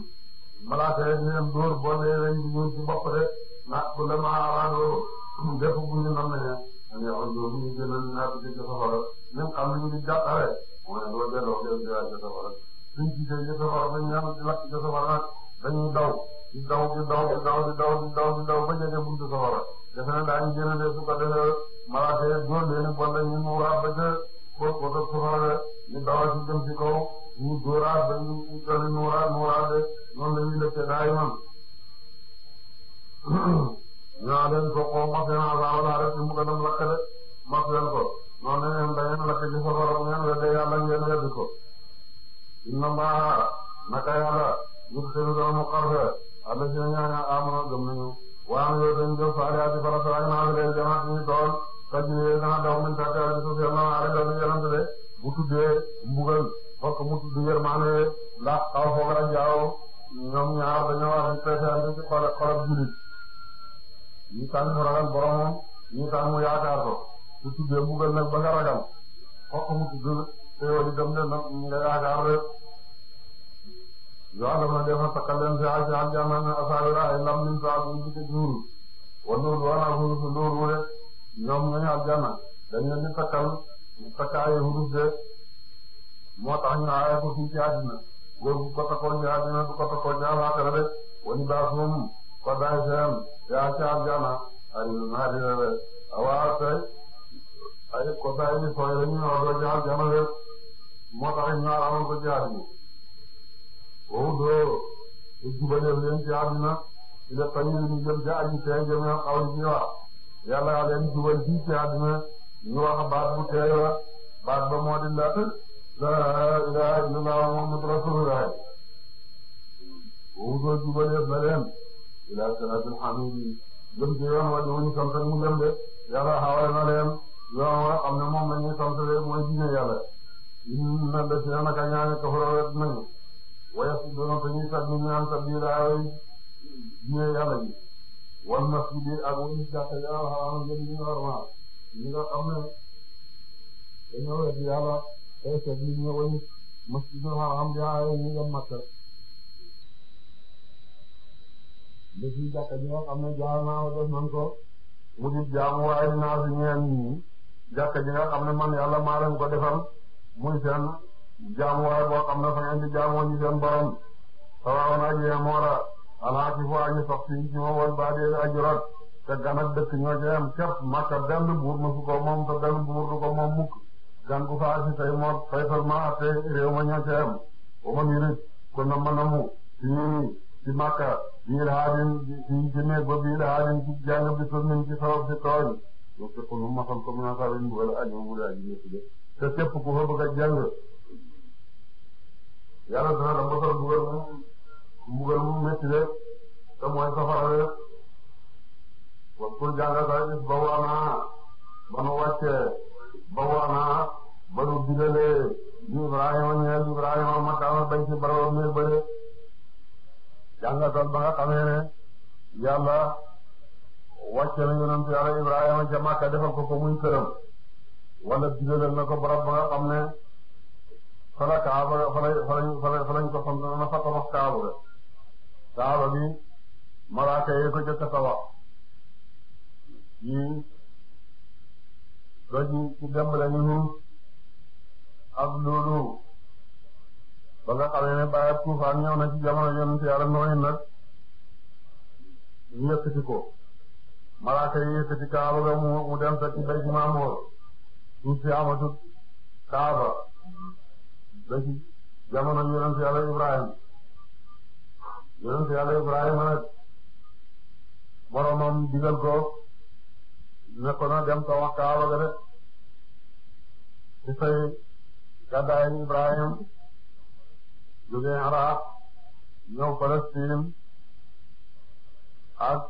malaaka yi di leen dóor bonde lañ di ñëw ci bopp rek naaj bu la maawaadoo bépp bu ñu nam nañu ñu waxoon ñu ñu gënal naaj bi ci safara ñun xam nañu di jàppale mooy loo delloo leen di waaj a safara suñ gisee ci safara ba ñu ñaan di wàcc ci safara dañuy daw di daw di daw di daw di daw di daw di daw ba jege buntu safara defe naa daañu génn de su ko defee malaaka yi góor leen bon dañu mu raat ba ca kóob kóob ak safara ñu dawal ci jëm kaw ñu góoraat ba ñu jëli mu raat mu raat de noonu la ñuy lëkkale daa yi man. ñoo leen ko xaw ma seen asaawal a rek mu ko dem lakkale mos leen ko noonu la ñuy dañu lakk ci safara ngeen wedde yàlla ngeen weddi ko. inna mbaa naka yàlla ñu seen doon mu xarfee. allah ci nañu amoon gëm nañu waaye yow dañu jëf faale ati farata waaye maa ngi leen jamaat ñu tool taj ñu dana daw min tàtte ak suuf yàlla maa rek dañu yalante de bu tuddee mbugal fokk mu tudd yërmaane ndax xaw foog rek jaaw ñoom ñaar dañoo war a préférence ci xol xolab julit ñi tànn mu ragal boromam ñi tànn mu yaakaar ko bu tuddee mbugal nag ba nga ragal fokk mu tudd te yow itam ne nga yaakaar rek yàlla na dem ak takkal leen si ay si aljana asaawira lam min saa bu njëkk ci wurus wala wala wurus loolu wure ñoom ñooy aljana dañ leen di takkal takk moo tax ñu aaye ko fii ci àddina loolu bu ko takkoon ci àddina bu ko takkoon ci àllaaxira de wani baasum ko daay seen yaa ci aljana ay naa di la moo tax ñu aaroon ko wow doo jubaleel leen ci àdduna ci la fayu ñu jëm ca aji tee jëm ñoo xaw ñu wax yàlla leen jubal fii ci àdduna ñu wax baat bu tee la baat ba moo di la laa ilaaha illallah muhammadu rasulullah wow doo jubaleel la leen ilaa salaatul hamiid jëm ci yoon wa ñu sant mu jëm de yàlla xawal na leen yoon wa xam ne moom la ñuy sant de mooy diine yàlla inna la si naka ñaane kafaroo wet nañu wala si doon ba ñuy tàgguñ ñu naan tàgguñ laay ñëw yàlla ji masjidi ak wala jàkka yi ah ah, ah ñu ngi normal ñu nga xam ne dañoo wér di yàlla tey tey ñu ngi wëñ masjidi haram bi ah ñu ngi Makka léegi jàkka ji nga ne jaar naa def nañ ko mu di waaye naa si ñeen ñi jàkka ji nga ne man yàlla maa leen ko defal muy seen. jaamu waaye boo xam ne fa ngeen di jaamoo ñu seen borom sawaawon aji yemoora alaaki fu aji sox si ci moom wal baadi aji rot te gan ñoo ci yem makka benn buur na fu moom te benn buur du moom mukk gan gu fa asi tey moo fay fal ma atte réew ma ko na manamu ci ñuni ci makka biil haadin ci ci néeg ba biil haadin ci jàng ci sabab si tooñ yo fekk nu maxal ko mu na sabin mbugal aji mbugal aji te képp ku fa yàlla dana la mosal mbugal mu mbugal mu métti de te mooy safara de wax pour jàngat ak ba waanaa ba nu wàccee ba waanaa ba nu digalee ñu Ibrahima ñëwee Ibrahima makaama bañ ci barabam ne bëre jàngatal ba nga xamee ne yàlla wàcce na yonent yàlla Ibrahima ca Makka defal ko ko muy këram wala digalal na ko barab ba nga xam ne. fa la kaaba fa la fa la fa lañ ko xam na fa tabax kaaba ga kaaba bi malaaka yee ko jëkk a tabax yi roji ci demb la ñu ak loolu ba nga xamee ne bàyyi tuufaan ñëw na ci jamono yonent yàlla nooy nag ñu yëkkati ko malaaka yi yëkkati kaaba ga mu dem sa ci bay ji maamoor suuf si amatut kaaba ba ci jamono yonent yàlla Ibrahima yonent yàlla Ibrahima nag boromam digal ko ne ko na dem ko wax ga de ci fay gàddaay Ibrahima jógee Iraq ñëw Palestine ak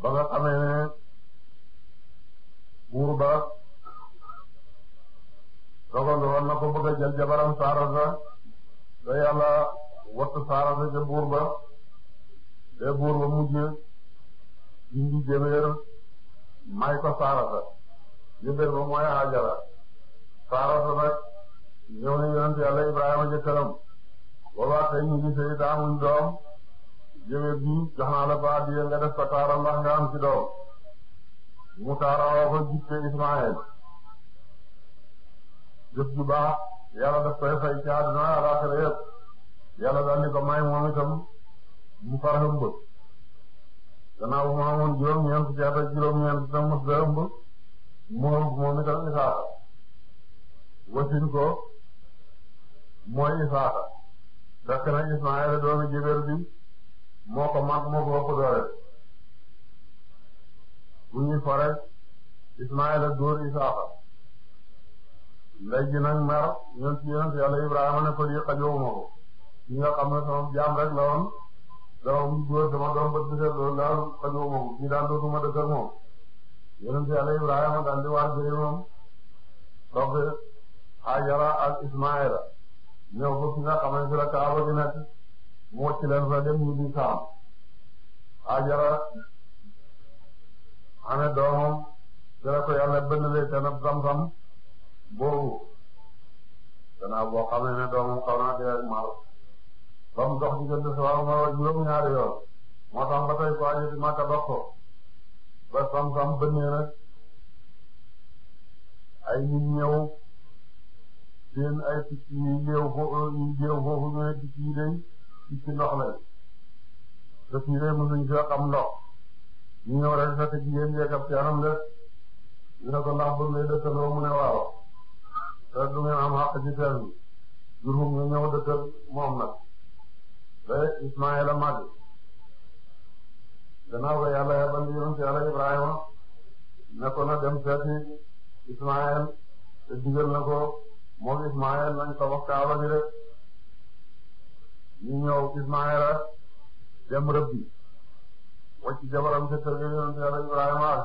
ba nga xamee ne buur dogal woon na ko bëgg a jël jabaram saarata te yàlla wattu saarata ca buur ba te buur ba mujj indi may ko saarata jëbeer ba mooy Haajara saarata nag ñëw na yonent yàlla Ibrahima jëkkëram boobaa tey ñu ngi sëy daamuñ doom jëbeer bi jox naa la di nga def ko taara nga am ci doom mu taara woo ko jitte Ismaël jëf ju baax yàlla daf koy fay ci àdduna alaaxira yëpp yàlla daal ni ko may moom itam mu far ëmb gannaaw mu amoon juróom-ñeent ci at ak juróom-ñeent itam mos moom itam Isaaka wasin ko mooy Isaaka fekk na Ismaayil doomi Jibeer bi moo ko mag moo ko ëpp doole bu ñuy fo rek Ismaayil dóor Isaaka léegi nag mer ñun ci yonent yàlla Ibrahima ne ko lii xajoo ma ko ñi nga xam ne sama jaam rek la woon dama mu góor dama doon bët bi seetlu daal xajoo ma ko ñi daal dootuma dëkk ak moom yonent yàlla Ibrahima daal di Hajara ak Ismaila ñëw ba fi nga xam ne fi la mu wàcc leen fa dem ñu di saam Hajara amee doomam ci la ko yàlla bënn leen te nag Zamzam boobu gannaaw boo xamee ne doomu xaw naa dee ak ba mu dox diggante si wàllu mara juróom-ñaari yoon moo tax tey ko aje ci Makka dox ko ba sam-sam bënnee ay nit ñëw seen ay picc yi léew foofu ñu ne picc yi day ndox lañ te picc yi day mësuñ fi xam ndox ñu ñëw rek fekk jigéen yeeg ab ci anam def ñu ne ko ndax bëgg lay dëkkaloo mu ne waaw. te du ngeen am xaq ci teen bi jurhum ñu ñëw dëkkal moom nag ba Ismaayila màgg gannaaw ba yàlla yabal di yonent yàlla Ibrahima ne ko na dem seeti Ismaayil te digal na ko moom Ismaayil nañ ko wax Kaaba gi rek ñu ñëw Ismaayila dem rëbbi wàcc jabaram ci kër ga yonent yàlla Ibrahima ak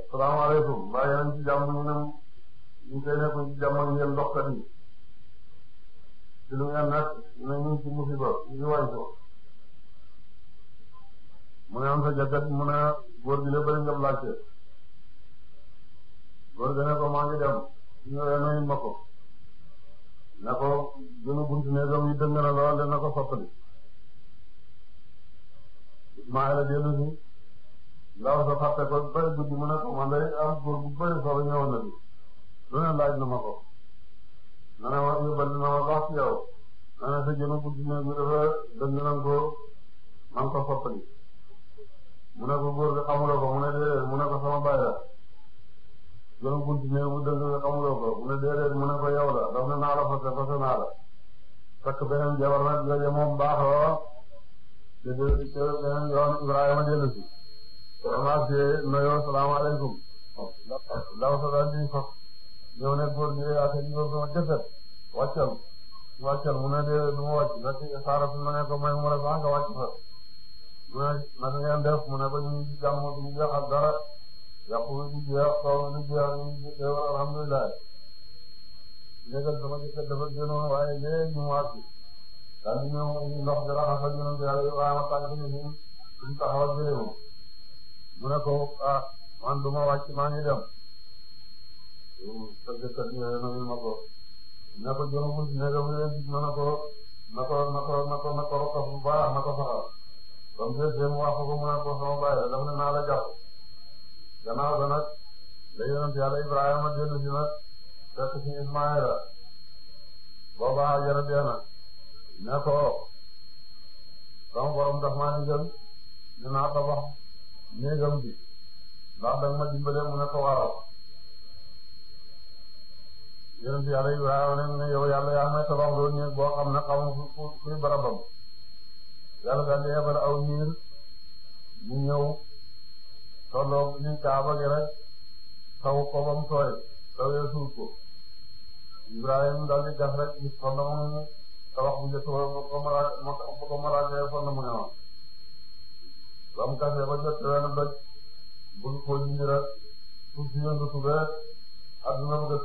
asalaamaaleykum mbaa yéen ci jàmm ñu ne ñu génne ko ci jàmm ak ngeen doxal yi ci lu ngeen nag ko mu ne am sa ne góor gi la ne ko maa ngi dem ñëwee nañu ma ko sa fàtte ko bëri guddi mu ne ko man day am góor bu bëri solo lu ne laaj na ma ko na ne ma yóbbal na ma baax ci yow na ne sa jëma guddi ne bi dafa dëng nan ko man ko soppali mu ne ko góor gi xamuloo ko mu ne déedéet mu ne ko sama baay la jëma guddi ne bu dëng nga xamuloo ko mu ne déedéet mu ne ko yow la daf ne naa la fase fase naa la takk beneen jabar nag yooyu moom baaxoo te de te beneen yoon Ibrahima dellu si. waaw maa ngi fi nuyoo salaamaaleykum. ndax ndax daal di ñu ñëw e ne góor ñi de affaire yi ba jëfet wàccal wàccal mu ne de lu ma wàcc saara fi ma ne ko may mu ne sax fa mu ne naka ngeen def mu ne ko ñu ngi jàmm ñu jeexal dara yàqu di jeex taw di jeex ñu ngi teew alhamdulilah léegal sama jëkkër dafa génnoon waaye léegi mu wàcc daal di ñëw ndox bi raxasal ñu ne ko yàlla Ibrahima tànk ni ñu ko ah man du ma wàcc maa dem na ko joxagul ne ko wéyal na ko na ko na ko na ko na ko rokkab bu baax na ko saxal ba mu des dem wax ko mu ne ko sama baay la dafa ne naa la jàpp gannaaw ba nag la yonent yàlla Ibrahima dellu si nag fekk si Ismaïla booba Hajara dee na ne ko sama borom daf maa digal dinaa tabax néegam bi ndax danga ma dimbale mu ne ko waaw yonent yàlla Ibrahima ne yow yàlla yaa may tabax loolu néeg boo xam ne xamu fu fu fuy barabam yàlla daal di aw niir ñu ñëw tolloog ni kaaba gi taw ko ba mu tooy tawee suuf ko Ibrahima gas rek gis fond mu ne tabax bu njëkk ba ko mara mu ne ma ba mu ba jot benn bëj bëgg ko dindi rek suuf si yëngatu ba adduna bëgg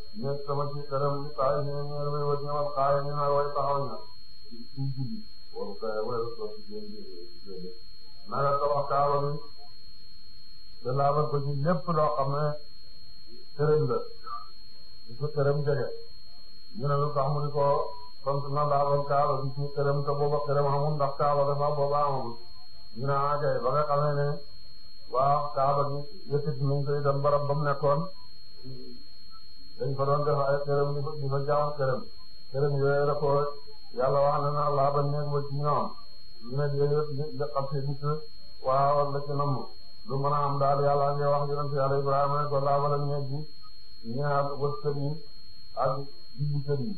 ñeent sama ci kanam ñu taay ñu ne ñeent mooy na suñ julli wala kay tabax kaaba bi te laabal ko ci lépp loo xam ne la di ko tërëm jege ñu ne lu tax mu di ko sant na laabal kaaba bi ci tërëm booba tërëm amul ndax kaaba dafa booba amul ñu ne ah ba nga xamee ne waaw kaaba bi yëkkati nañ ko itam barab ba mu nekkoon. dañ ko doon def ay këram di ko di ko jaamu këram la ko yàlla na laa ba nekk ba ci ñoom ñu ne yooyu yëpp xam si nit la ci lu mën am daal yàlla ngay wax yonent yàlla Ibrahima ne ko laa ba la nekk bi ñaar wërsëg yi ak jubbu kër yi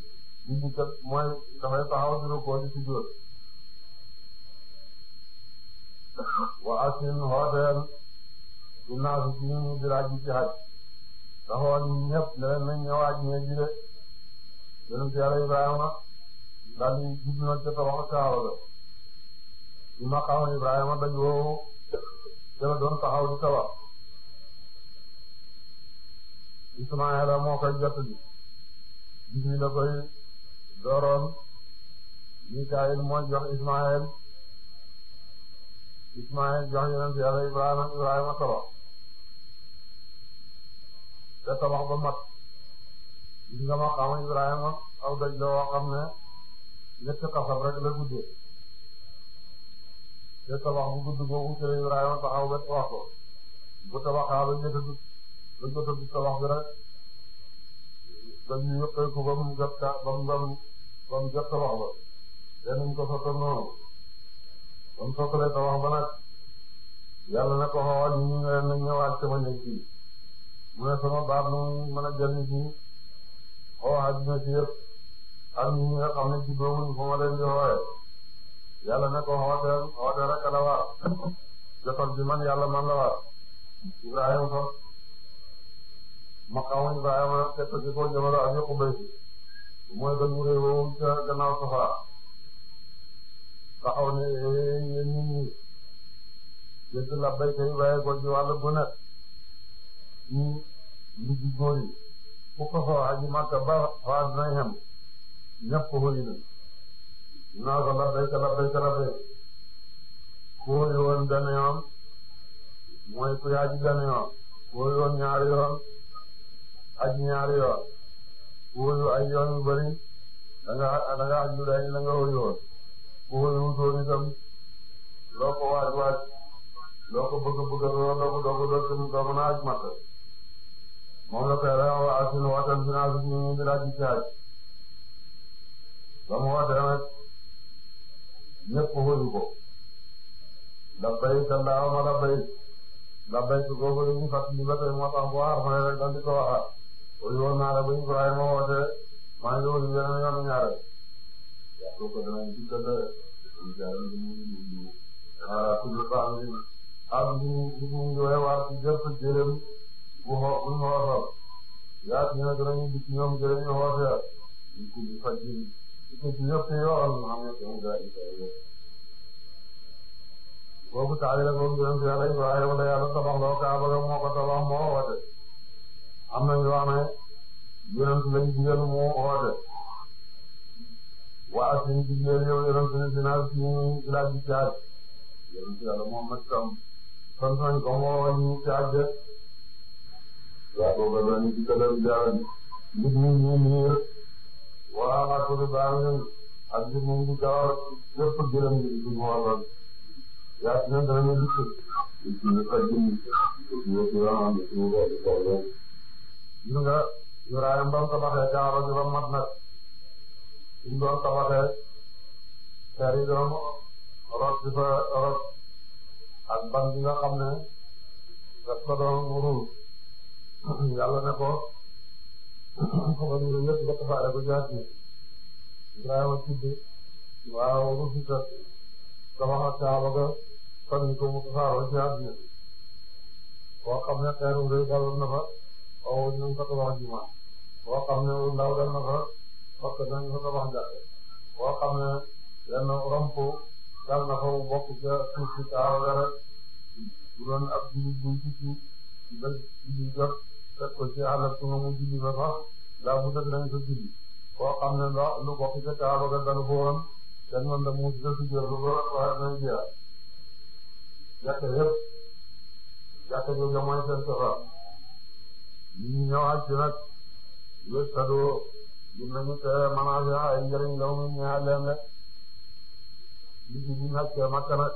jubbu kër mooy dafay taxaw si ko di si jóor wa asin hotel dinaa fi ci ñu di ci xaj taxawal ñëpp ne leen nañ ñëwaat ñu Ibrahima daal di jub na ca tabax bi ma xamoon Ibrahima daj woo ca la doon taxaw di moo koy jot ji gis ni la koy dooroon Mikaayil mooy jox Ismaayil Ismaayil jox yonent yàlla Ibrahima Ibrahima tabax te tabax ba mat gis nga ma xama Ibrahima aw daj la woo xam ne ñetti xasab rek la guddee te tabax bu gudd boobu ci Ibrahima taxaw ba tabax ko bu tabaxaa ba jot a dugg ba jot a dugg tabax bi rek dañuy yëkkeeku ba mu jot ka ba mu dem ba mu jot tabax ba danañ ko sottal noonu ba mu sottalee tabax ba nag yàlla na ko xaw a ñu ñu ne leen ñëwaat sama ñëw fii. mu ne sama baab moom mën a jëriñ ci xoo àddina si yëpp ak ñi nga xam ne jubboowuñ fu ma leen di wooye yàlla ne ko xooteel xoote rek la war jotal bi man yàlla man la war Ibrahima ko maqaamu Ibrahima teg ko ci kaw jamono ak yëpp béy mooy que ñu réew woowu ca gannaaw safara taxaw ne eh, yéen ñi yéen ñi yéen ci labbay kay bàyyi ko ci wàll bu nekk ci ndiggi góor ku ko aji Makka ba xaar na yem ñëpp xëy na naa ko labbayka labbayka labbayk ku xëy woon yoon mooy ku aji benn yoon ku xëy woon yoon aji ñaari yoon ku xëy yu bëri da nga da nga aji day la ku xëy wutoon itam loo ko waaj waaj loo ko bëgg bëgg loo ko doog doog doog mën a aji Makka moom la koy rew ak suñu wooteem suñu àll bi ñu ngi laaj ci caaj ba mu woote rek ñëpp wëru ko labbayk allahumma labbayk labbayk googu la ñu fàttali ba tey moo tax bu waar fa rek daal di ko waxaat wëru woon naa la ba Ibrahima woote maa ngi wëru yeneen yoonu ñaare ko ko danañ dikkal de ñu bu xoo bu ñu xoolal yaa ngi leen gërëm ñu gis ñoom gërëm ñu xoolal ñu gis ñu faj ñu gis ñu ñëpp te yoon ñu xam ne te mu gaa incha allah. kooku taal la moom gërëm si yàlla Ibrahima la yàlla tabax loo Kaaba la moo ko tabax moo woote am na ñu wax ne yonent lañ digal mu woote waa suñu digal yow yonent ne dinaa suñu village bi caaj yonent yàlla moom nag tam fan soñ ko moo ñu caaj de. waaw booba ba ñu ci kër jaaral nit ñi ñuy miir waa Fatou Seye ak nit ñi di gaaw a lépp gërëm di di moom yaa ci nekk dana gis ci ñu fa jëm ñu ci waa am ci ñu ko ci kaw loolu. gis nga Ibrahima ba mu tabaxee Kaaba gi ba mat nag suñ doon tabaxee xeer yi doon rot ci fa rot ak ban bi nga xam ne daf ko doon ruus. yàlla ne ko xamal ñu ne yëpp nga tafaare ko jaar ci Ibrahima tudd waaw ba si kat sama xar saaba ga fan ko mu tafaaroo jaar ci boo xam ne xeeru rëy daloon na fa waaw ñu ko tabax jumaa boo xam ne ndaw dal na fa parce que dañ ko tabax jaare boo xam ne yenn rompo dal na fa bokk ca suuf si taawa ga rek bu doon ab jiwu bu ñu ci ci ba ji jot teg ko ci àll su ma mu julli ba sax laa bu dëgg dañ ko julli koo xam ne la lu bokk ca Kaaba ga dalu ko woon kenn mën na mu si dëkk jël lu ba waaye dana jiyaat jàkka yëpp jàkka jooju mooy seen safar ñu ñu ñëwaat ci nag yëpp kadoo gis nañu que maanaam ay njëriñ la mu ñëwaat leen rek li ci gis nag Makka nag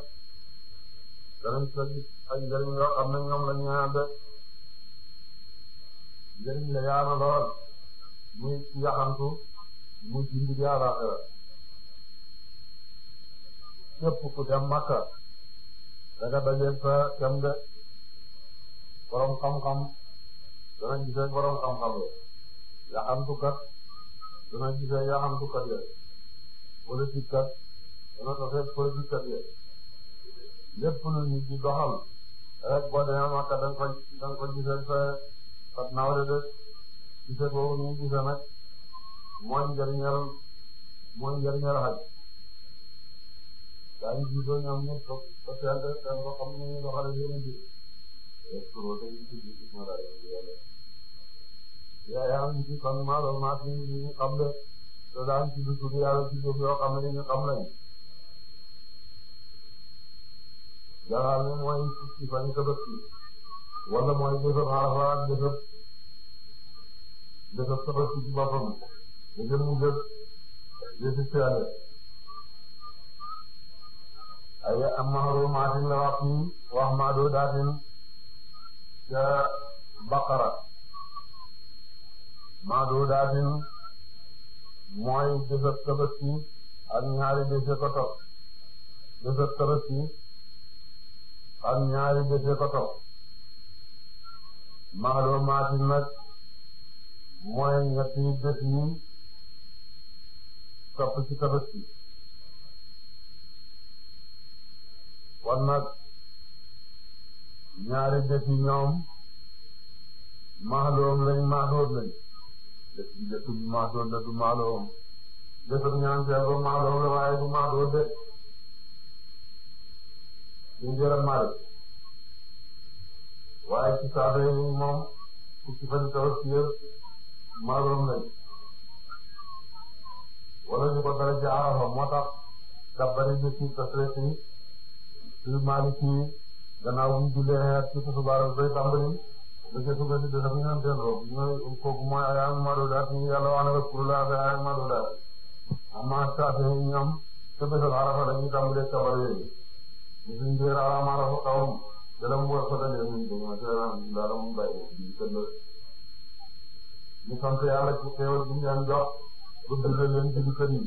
danañ ko gis ay njëriñ yoo xam ne ñoom la ñu ñëwaat njëriñ la yaara lool muy yaxantu muy jindi yaara xeer képp ku dem Makka danga daje sa dem de borom xam-xam dana gisee borom xam-xam la yaxantukat dana gisee yaxantukat ya politique kat dana tasee politique kat ya lépp lu ñu di doxal rek boo demee Makka danga ko danga ko fat nawle de gise boobu ñuy gise nag mooy njëriñal mooy njëriñal xaj daañu gisoo ñoom ñëpp so so seen de seen loo xam ne ñu doxale seen ji esuro tey ci ji gis na daal yàlla yaa yaa ngi ci kon maa loolu maa fi ñu xam de te daan ci lu tudd yàlla ci suuf yoo xam ne ñu xam lañ jaraal ne mooy ci fan yi ko bëgg wala mooy jëfëb arafa ak jëfëb jëfëb tabaski ci boppam jëfëb mu jëf jëfi seede ay am mahrumaatin la wax ni wax maa doo daatin ca baqara maa doo daatin mooy jëfëb tabaski ak ñaari jëfe ko topp jëfëb tabaski ak ñaari jëfe ko topp maxloo maatin nag mooy ñetti bés yi topp ci tabaski kon nag ñaari bés yi ñoom maxloom lañ maxloom lañ bés bi bés bu maxloom la du maxloom bésub ñaanteel ba maxloom la waaye du maxloom de suñ jërëm maal waaye ci saaba yi moom ku ci fan taw si yëpp maalum lañ wala ñu ko dara ci arafa moo tax dabbari bi ci tasreti ci maliki gannaaw bu ñu jullee ci tusubaar day tàmbali da ca suba si dana fi ñaan delloo ñooy kooku mooy ay am madodaat ñu yàlla wax na rasulullah ba ay madodaat amma saafe ñoom ca bésal arafa dañuy tàmbalee kabar yooyu ñu suñ jéer araam arafa xawum te mu war a soxalee ñun dañoo seeraan daal mu bay di seetlu ñu sant yàlla ci xéewal bi ñu leen jox pour di leen leen di kër yi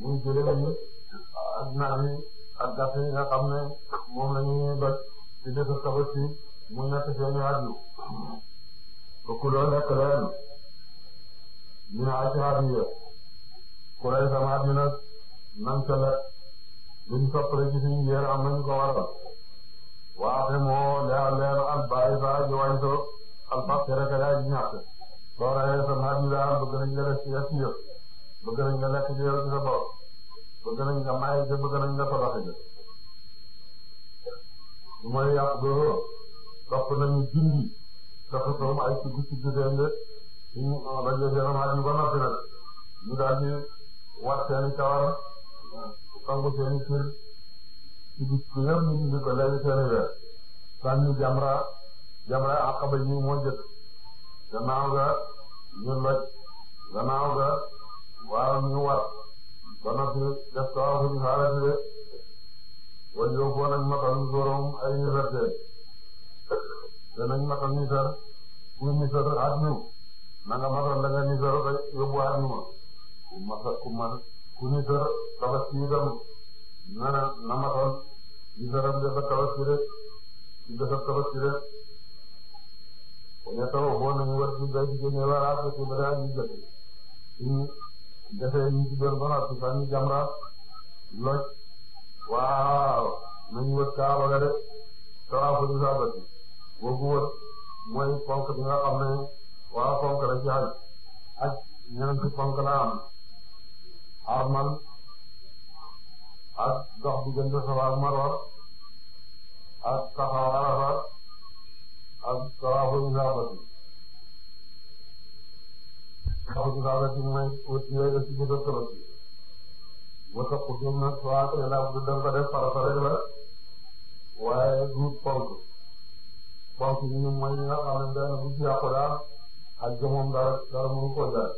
muy jëlee ñu ak naan yi ak gàtt yi nga xam ne moom la ñuy bët ci dëkk Tabaski ci muy nekk seeni addu ku loo nekk leen ñu ne ay xaar yi ku lay sama addu nag nan ca la duñ soppale ci suñu yéer am nañu ko waral waaw te moo leer leer albaay ba aji wañto albasira ka aji ñàkk soo rayee sa naat ñu daal bëgg nañ nga def ci yëf yëf bëgg nañ nga lekk ci yow ci sa bopp bëgg nañ nga may ci bëgg nañ nga tabax ci mooy yàq googu topp nañu jindi dafa soom ay ci guddi ci seen de ñu rajo seen amaat ñu ba noppi nag ñu daal di war seen kawar sangu ci bis ko yëpp ñu ngi ko léegi seen weer sànni jamra jamra Aqaba ji moo jëkk ga ñu loj gannaaw ga waaw ñu war ba noppi def tawaafu ji xaalati de wala yow boo nañ matal góoram ay université danañ matal misar kuy misar at ñu na nga matal la nga misar yóbbu at ñu ku masar ku man ku misar tabaski na na matoon di sa rab dafa tabaski rek di dafa tabaski rek ñett boo nañu war ci bay ci génne war a fekk ba daal ñu jot ñu defee ñu ci doon ba noppi fan ñu jamra loj waaw nañu wër kaaba ga de tawaafu di sa bati boobu mooy ponk bi nga xam ne waa ponk la ci xaj ak ñeent ponk la armal ak dox diggante Safa ak Marwa ak taxaw Arafa ak tawaafu isaabati tawaafu isaabati mooy wut yooyu la ci gis a tëral bu topp gën na soit yàlla bu dem ko def farata rek la waaye du ponk ponk yi ñun mooy ñi nga xam ne bu ci yàqu daal ak jëmoom dara dara mënu ko jaay.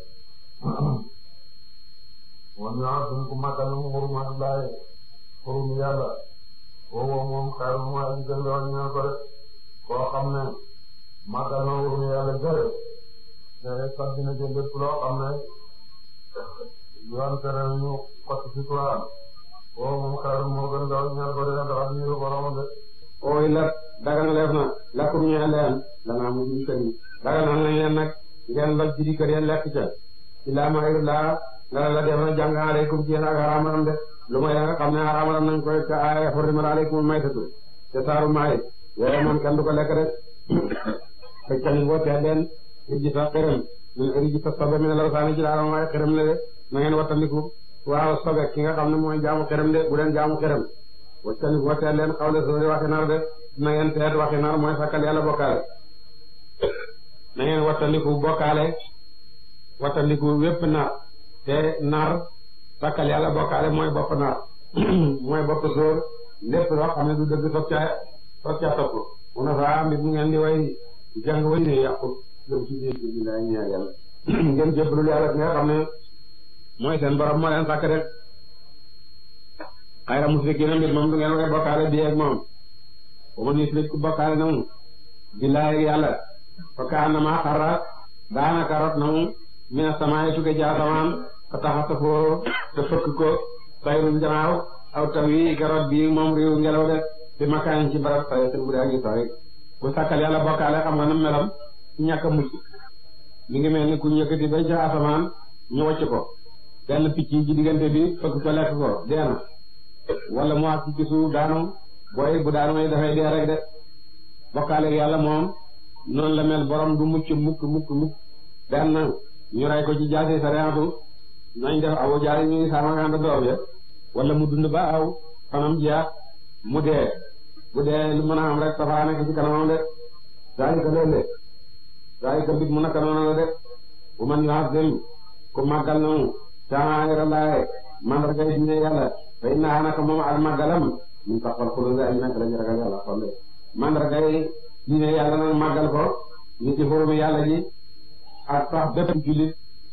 wan naa suñ ko màggal mu xurmaat laay xëy na yàlla woowu moom xaaral mu gën la wàññi ko rek koo xam ne màggaloo wu yàlla jërë te sax dina jël lépp loo xam ne yoon tere ñu kot ci turam woowu moom xaaral moo gën la wàññi ko rek dafa ñu borom de. na lakkum ñu leen danaa mu ñu seen dagan na nag ngeen loj ci di kër ya lekk ca ci laa ma na jàng aleykum ci yéen ak lu ma la nga xam ne xaraamaloon nañ koy te aaya xurrimat aleykumul maytatu te saaru maay yooyu moom kenn du ko lekk rek te kañ boo teel leen rijisa xërëm rijisa sobe mi ne la saani ci daal mooy de na ngeen wattandiku waaw sobe ki nga xam ne mooy jaamu xërëm de bu leen jaamu xërëm wa kañ boo teel leen xawle soo di waxi nar de na ngeen waxi nar mooy sakkal yàlla bokkaale na ngeen bokkaale wattandiku wépp nar te nar sakkal yàlla bokkaale mooy bopp naar mooy bopp sóor lépp loo xam ne du dëgg soog ca soog ca topp mu ne faa ah, mbir ngeen di way jàng way ne yàqu jëm ci biir bi laay ñeer nga xam ne mooy seen borom moo leen sàkk rek xayra musrikiina mbir moom du ngeen way bokkaale bi ak moom ba ma nit ku bokkaale na mu billaay ak yàlla fa kaanamaa xarra daanaka rot na mu mina samaay tukke ci fa taxata foo te fëkk ko bayrun janaaw aw taw yi garab bi moom réew ngelaw de bi makaayin ci barab fay seen bu dee ngi tooy ku sàkkal yàlla bokkaale xam nga na melam ñàkk a ngi mel ni ku yëkkati bay ca asamaan ñu wacc ci diggante bi fëkk ko lekk ko dee na la mel borom du mucc mukk mukk mukk benn ñu ray ko ci jaasi sa reexatu nañ def aw jaari ñu ngi saamaaganda doom ya wala mu dund ba aw fanam jeex mu dee bu dee lu mën a am rek safaa nekk ci kanamam de zalika loolu de zalika mbir mu naka noonu la de bu man ñu azim ku màggal noonu taayira laaye mandarga yi dine yàlla fay naa naka moom al màggalam ñu taqal ko loolu ay nekk la ñu ragal yàlla xol de mandarga yi dine yàlla na màggal ko ñu ci xurum yàlla ji ak sax bépp jullit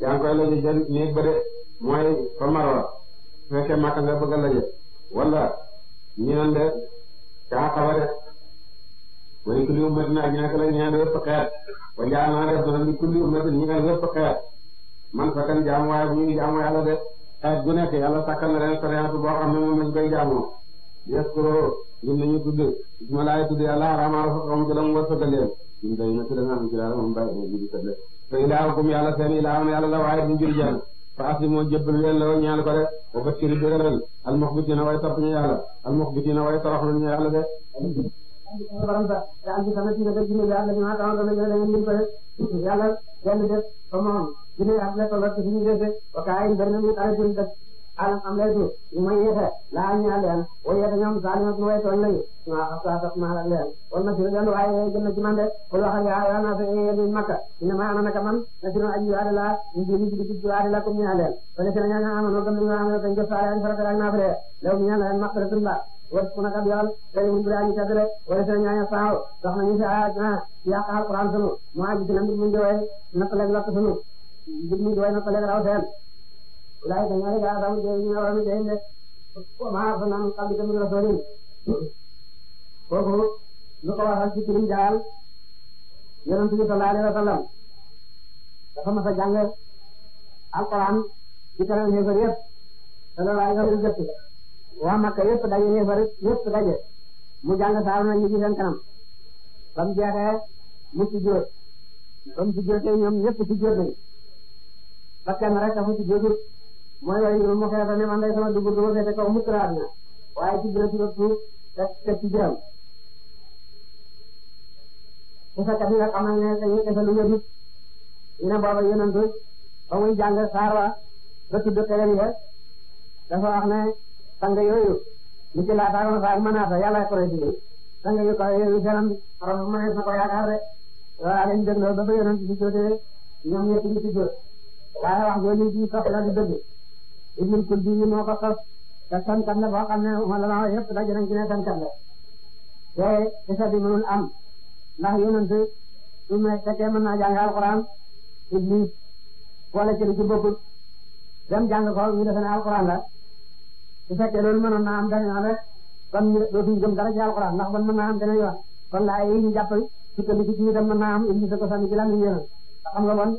yaa ngi koy laje seen néeg ba de mooy fa Marwa su fekkee Makka nga bëgg a laje wala ñu naan de Kaaba ba kulli ummatin ak ñaaka la ñaan wépp xeet man fa kan jaamu waaye bu ñuy jaamu yàlla de xeet gu nekk yàlla sàkkal na leen sariyaat boo xam ne moom lañ koy jaamoo yes koro ñun nañu tudd bismillah tudd yàlla arama fa xam ci la mu war sëggaleen ñun day na ci la nga xam ci la moom bàyyi bi di sëggaleen te ilaahukum yàlla seen ilaahum yàlla la waaye duñ jur jaan fa aslimoo jébbalu leen la ñaan ko de wa bashiri bégalal almuxbitiina way topp ñu yàlla almuxbitiina way toroxlu ñu yàlla de yàlla benn def fa moom dina yàlla tolloo ci suñu dese wa kaa in benn nit ay alal am lay du ñu may yeete laa ñaar leen way yeete ñoom saalim ak way tooñ lañu ma xasa sax la leen kon na siru leen waaye gën na ci man de kul waxa yaa yaa naa fi yéen makka ñu ne ma ana naka man na siru aji waade laa ñu jëli ci ci waade la ko ñaan leen fa ne seen ñaan amano gëm ñu amano tan jëf saale an farata ak naafre na ya sunu mu aji ci nam mu ngi way na la ko sunu laay dañu la gaa daw jëriñ la wala jëriñ de maa fa naan xam nga la sori kooku lu ko waxal ci kirim jaal yonent bi sallallahu alayhi wa sallam dafa mas a jàng alquran ci kanam xéefar yëpp te loolu ay mu jàng saar na ñu ci kanam ba mu mu ci jóot ba mu ci jóotee ñoom ñëpp ci jóot nañ ba mooy waaye ñoom mu xeex ne man day sama dugub dama fekk kaw mucc raad na waaye ci biir suuf suuf teg teg ci jërëm su fekkee fi nga xamal ne dañuy def lu wér ñu ne booba yonent ba muy jàng saar wa ba tudd keneen ya dafa wax ne sang yooyu li ci laataaroon ko lay digal sang yu kaw ma ne sa ko yaakaar de waaw leen dégloo ba ba yonent bi jotee ñoom ñëpp ñu ci jot waaye wax jooju ci sopp la di dëgg ibnul kuldi yi moo ko sos te tànkat la boo xam ne ulama yëpp daje nañ ci ne tànkat la te isa bi mënul am ndax yonent su ma fekkee mën naa jàng alquran iblis wala ci lu ci bokkul dem jàng ko ñu defe ne alquran la su fekkee loolu mënoon naa am dañu naan rek kon ñu dootuñu gëm dara ci alquran ndax kon mën naa am dana yoon kon laay yi ñu jàpp sukkandiku ci itam mën naa am iblis da ko sànni ci lan la ñu yoroon xam nga kon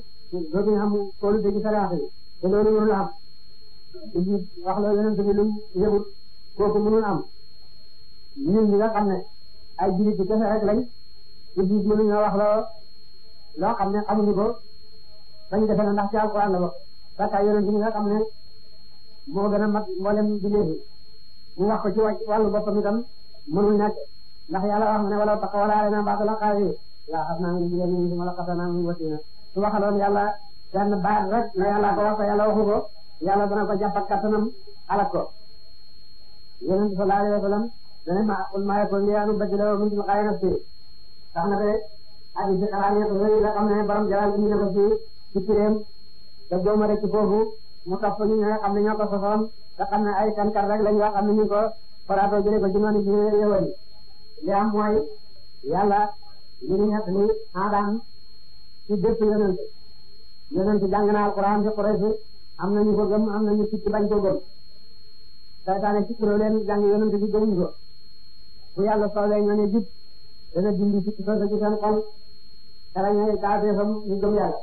dootuñu am kóolute ci sariyaat bi te loolu mënul am Iblis wax la yeneen bi lu yëgut kooku mënul am ñun ñi nga xam ne ay jullit ci kese rek lañ Iblis mënuñoo wax la loo xam ne xamuñu ko bañ defee na ndax ci alquran la bokk saka yeneen bi nga xam ne moo gën a mat mboolem bi léegi mu wax ko ci wàllu boppam itam mënul nekk ndax yàlla wax ne wala taxawal alayna ba'dal aqaawi laa xam naa ngi jigéen ñi ma la xasee naa ngi wasiina su waxaloon yàlla benn baax rek na yàlla ko wax yàlla waxu ko yàlla dana ko jàpp ak kattanam alal ko yonent bi sallallahu wa sallam dana ma qul maa yakuunu lii an ubaddila min tilqaa'i nafsii tax na de adi bi la xam ne borom jalal bi ñu def ci ci kiréem te jooma mu tax ñu nga ne ñoo ko sosoon te ne ay kankat rek lañ yoo xam ne ko faraatoo jëlee ko ci noonu ci yëwal li am mooy yàlla li ñu ñett ni aadaan ci bépp yonent yonent jàng na alquran ci am na ñu ko gëm am na ñu ci bañ ko gëm saytaane ci kuréel leen jàng yonent bi bu yàlla soobee nga ne jub dana dindi ci soose ci seen xol dara ñooy kaatee fam ñu gëm yàlla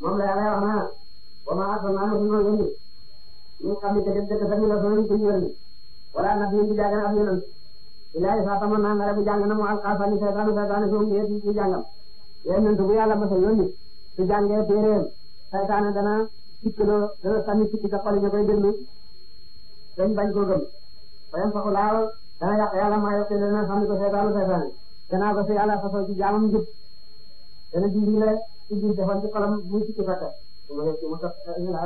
moom la yàlla wax naa wa ma arsalnaa fi ma yëndi ñu ñu la soobee ñu koy yëndi wala nag ñu ngi jàng ab yonent ilaahi fa tama naa nga bu na mu alxaasa ni saytaane saytaane fi mu yëndi ci jàngam yonent bu yàlla mas a yónni su jàngee téeréem saytaane dana sikk la dana sànni sikk sa xol koy déglu dañ bañ koo gëm fayam saxu laal dana yàq yàlla maa yokk dana si yàlla fasoo ci jaamam njub dana ji le ci biir defoon ci xolam mu sax la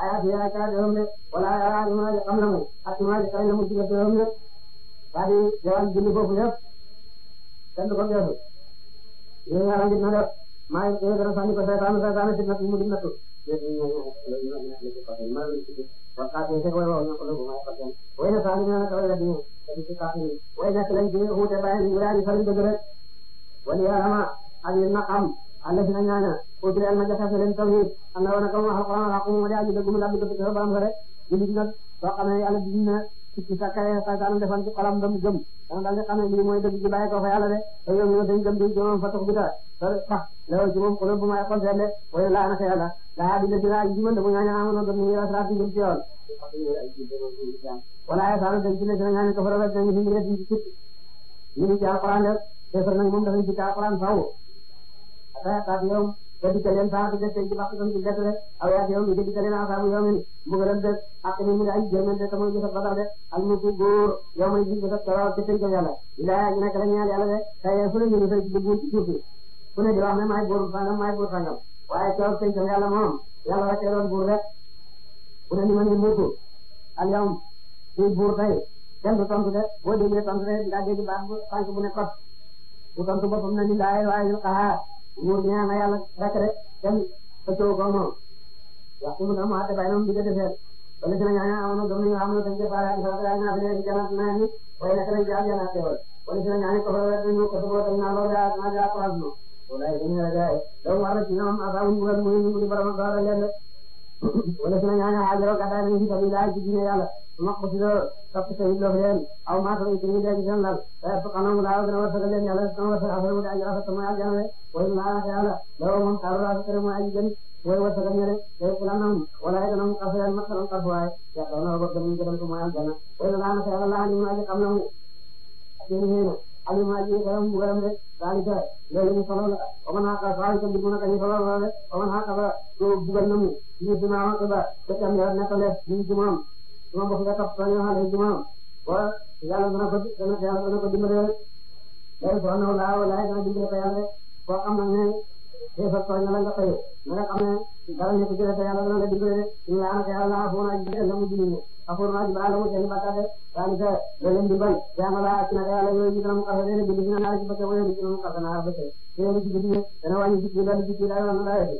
ayaat yi ay kaat yorom de wala ayaat di xam na mu ak maa di xëy na mu ci def yorom de daa di jawaan na def maa ngi dana sànni ko seetaanu seetaani fitna mu di nattu a daa dina dinaa ji man dama ñaan amoon dama ngi rafetlu ak ngir ci yoon walaayee saa la dem ci ne dina ñaan ko faral di ngi rek di ci ñu ngi ci alquran rek te far nag moom dafay ci alquran faaw ata ta yow te di leen saa di def ci baax tam ci def rek aw yaa yow ñu di leen asa yow men bu gëlal de ak ni mu ay jëmel de tamo jëf badal de al mu ko góor yow may di jëf tara ci teñ ko yàlla ila ñu nak la ñaan yàlla de tay fu ñu ñu fay ci duggu ci suuf fu ne di wax ne maay góor fa nga maay góor fa nga waaye keroog tey jëm yàlla moom yàlla rek doon buur rek ne ni ma nii muutu aliyam kuy buur tey kenn du tontu de boo déggee tontu de nga dégg baax bu ne kot bu tontu boppam na ni laay waaye ñu xaar nguur gi ñaan na yàlla rek rek kenn sa coow ko moom waxtu mu ne mu àtte bàyyi na mu digg defee wala dina ñaan amoon gëm nañu am na dañ koy faral di faral di naan di janaat naa ni waaye nag lañ ko fa wala walaay dañu ne la gars yi doomu aadama ci ñoom asaabu mu wër mooy ñu di borom doole leen de wala si la ñaanee xaajaro gàddaa nañu ci tamit laaj ci diine yàlla ma ko si loo topp sa yit loo leen aw maa sama itam ñu dee ci seen lal te xanaa mu laaw gën a wërsëgal leen yàlla sama wërsëg affaire mu di aji rafet mooy aljana de wala laa yàlla loolu moom xaaru laa fekk mooy aji gën mooy wërsëgal ñële te ku la nam wala ay ganam xafe yan makkalam xarfuwaay yàlla na ko gëm ñu gëdal ko mooy aljana wala laa yàlla laa ni mu aji xam na mu seen xëy na alima ji garam garam de dalika loolu ñu solo la waman haqa saalika bi mun a kañu solo la de waman haqa ba ko bugal namu ñu si naa ko ba te tam ya nekk lees ñu ci moom sama mbokk nga tax sañu xale ci moom wa yàlla dana ko dana ko yàlla dana ko dimbale rek day soo naw laa walaay dana dimbale ko yàlla rek koo xam nag ne xeefal tooñ na la nga xëy na nga xam ne dara nekk ci rek yàlla dana la dimbale rek ñu laa ko yàlla naa foo naa jëlee la mu dimbale afur naa ji baal amul benn bàkkaar de daal di ko leen dimbal jaama laa ci naka yàlla yooyu dina mu xarfe leen bind dina naa ci bëgg wala dina mu xarfe naa ba tey te yéen a ci laa yëg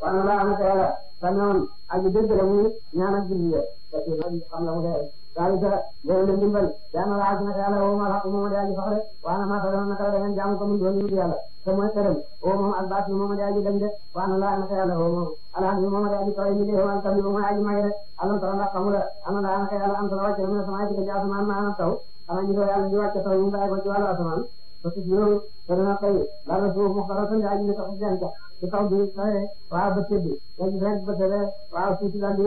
waaw laa am sa yàlla sa noon ak dégg la muy ñaan la mu dalika loolu la ndimbal dana laaj nag yàlla woo ma la moom daa ji sax de waana maa ko doon naka la dangeen jaamu ko a doon yóbbu yàlla te mooy këram woo moom albaas bi moom daa ji dañ de waana laaj naka yàlla woo moom alhamdu moom daa ji tawee ñu de woo alkam bi moom daa ji mage de alam tara ndax xamula ana laa naka yàlla am sala wàcce mu ne sama ci ci asamaan maanaam taw xanaa ñu ko yàlla di wàcce taw mu bàyyi ko ci wàllu asamaan parce que loolu te mu xara tan daa ji ne tax janta ci bi saxee waaw bëccëg bi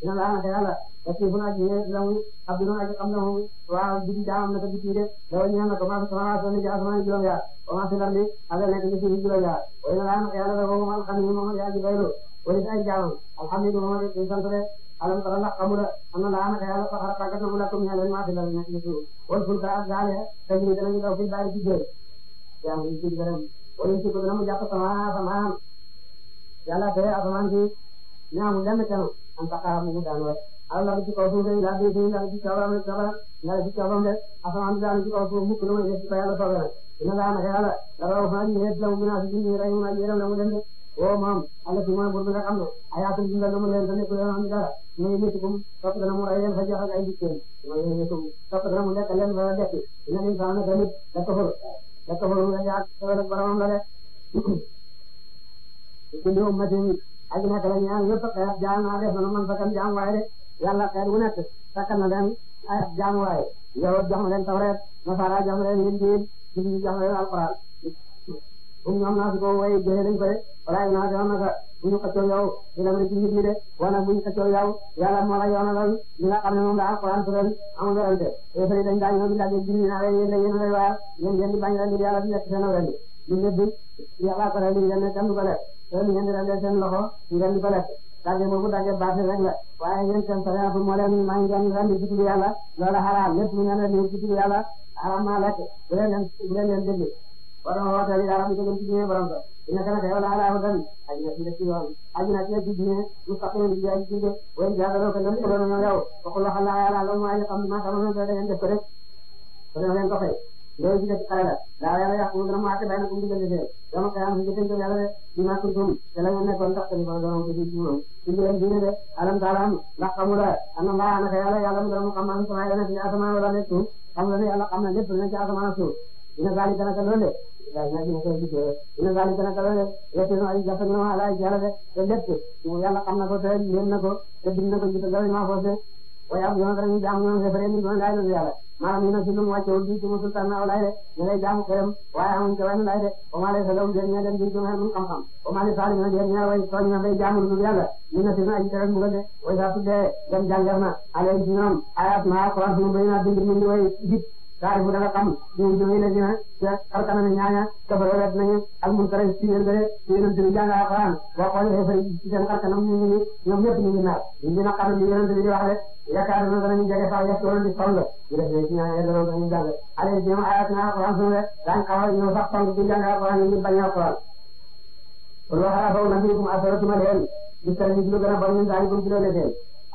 dina la naka yàlla parce que bu naaj bi yéen lamu abdoulaye ak am di jaamam naka bi ci de dafa na ko maa sama ci asamaan juróom yaar wa maa fi lar bi ala nekk ci suuf juróom yaar waaye la naka yàlla dafa moom xam ni moom yaa ci baylu wala ci ay jaamam alhamdulilah moom rek ñu sant de alam tara la xamula am na laa naka yàlla saxar tàggat na mu la wal fulka gaale te ñu danañu daw fi bàyyi ci jël yaa ngi ci gërëm ko dana mu jàpp sama sama yàlla te asamaan bi ñaamu lenn kenn am taxawaar mu ngi daan waay alal la ko ci kaw suuf rek laa dégg laa ci caabaam rek caabaam laa ci caabaam rek asamaan daan ci kaw suuf mukk lu may def ci ba yàlla soobee nag dina laa nag yàlla dara wax naa ne la mu gën a si bind rek ma yéeram la mu dem de woo moom ala ci mooy buur bi nga xam ne ayaatul dundal la mu leen te nekkul yoon am dara ñu ngi métikum topp dana mu rey leen fa jox ak ay dikkeen ma ngi métikum topp dana mu lekk leen fa dekk dina leen fa nag nit da ko xor da ko xor nga jaar ak boromam la de kulli ummatin aji nekk la ñaan yëpp xeet jaam naa def na man sakkan jaam waaye de yàlla xeet wu nekk sakkan na leen ay jaam waaye yawut jox na leen tawreet nasara jox na leen injiil injiil jox na leen alxuraan um ñoom naa si ko way jëlee dañ ko de walaay naa si naka bu ñu xëccoo la mën ci nit ñi de wala bu ñu xëccoo yow yàlla moo la yoonalal li nga xam ne moom la alxuraan tural amul werante te dañ daañu ñëw di laaj yéen naa leen yéen la yéen lay waar yéen yéen di bañ leen di yàlla di te ngeen di daggee seen loxo ngeen di ko lekk daggee boobu daggee baax rek la waaye yéen seen sariyaatu moo leen maa ngi leen rendi ci turu yàlla loola xaraam lépp lu ngeen rendi ci turu yàlla xaraam maa lekk bu leen leen bu leen leen déglu wala woote bi yàlla mu jógee ci diine borom ko dina kana kay wala ala hudan ajina ci def ci yoon ajina ci ci diine mu faqin bi jaay ci de way jaadalo ko lam ko doon yow ko ko la xala yàlla la mu ay xam ma sama na da ngeen def ko rek ko leen ko fay loolu ci def xale la daa yàlla yàq mu gën a mu àtte bay na ko mu diggante fee dama koy am diggante yàlla de di ma kuntum te la ngeen nekkoon ndax dañu ko doon ko ci suuna ci ngeen diine de alam taalam ndax xamula ana mbaa ana ka yàlla yàlla mu gën a mu xam man sama yàlla ci asamaan wala nekk suuf xam la ne yàlla xam na lépp lu ne ci asamaan suuf ina gaali kana ka loolu de ina gaali kana ka loolu de yàlla na ay jafe na ma ala ci yàlla de te lépp yàlla xam na ko te yéen na ko te bind na ko ci gawin ma foose waaye am yoon danañ jaamu ñoom defaree ñu doon laaj la yàlla maanaam ñu ne si lu mu wàccewul bii ci mosul tànnaaw laaj de ñu lay jaamu xëyam waaye amuñ ca wenn laaj de ba maa lay sagaw den ña dem bi jumel mu xam-xam ba maa lay saali ñoo den ña way sooñ na bay jaamu lu yàlla ñu ne si na aji teral mbugal de way saa tuddee dem jàngal na aleen ci ñoom ayat maa alquran sunu bay naa bind mu ngi way jib taarifu dafa a ñu jóge la dina ca xarkanam ñaaña kabaro wet nañu ak mun kare ci yéen bëre ci yéen tëbi jàng alxuraan boo xoolee fay ci seen xarkanam di wax de yaakaar na danañu jege sax yàq loolu di toll ñu def leen ci ñaaña yàlla loolu dañuy jàng allez jéem ayat na alxuraan suñu a ñëw sax toll di jàng alxuraan ñu bañ alxuraan loolu xaraafaw na biikum asaratuma a bon ñun daal di gëm ci loolu leen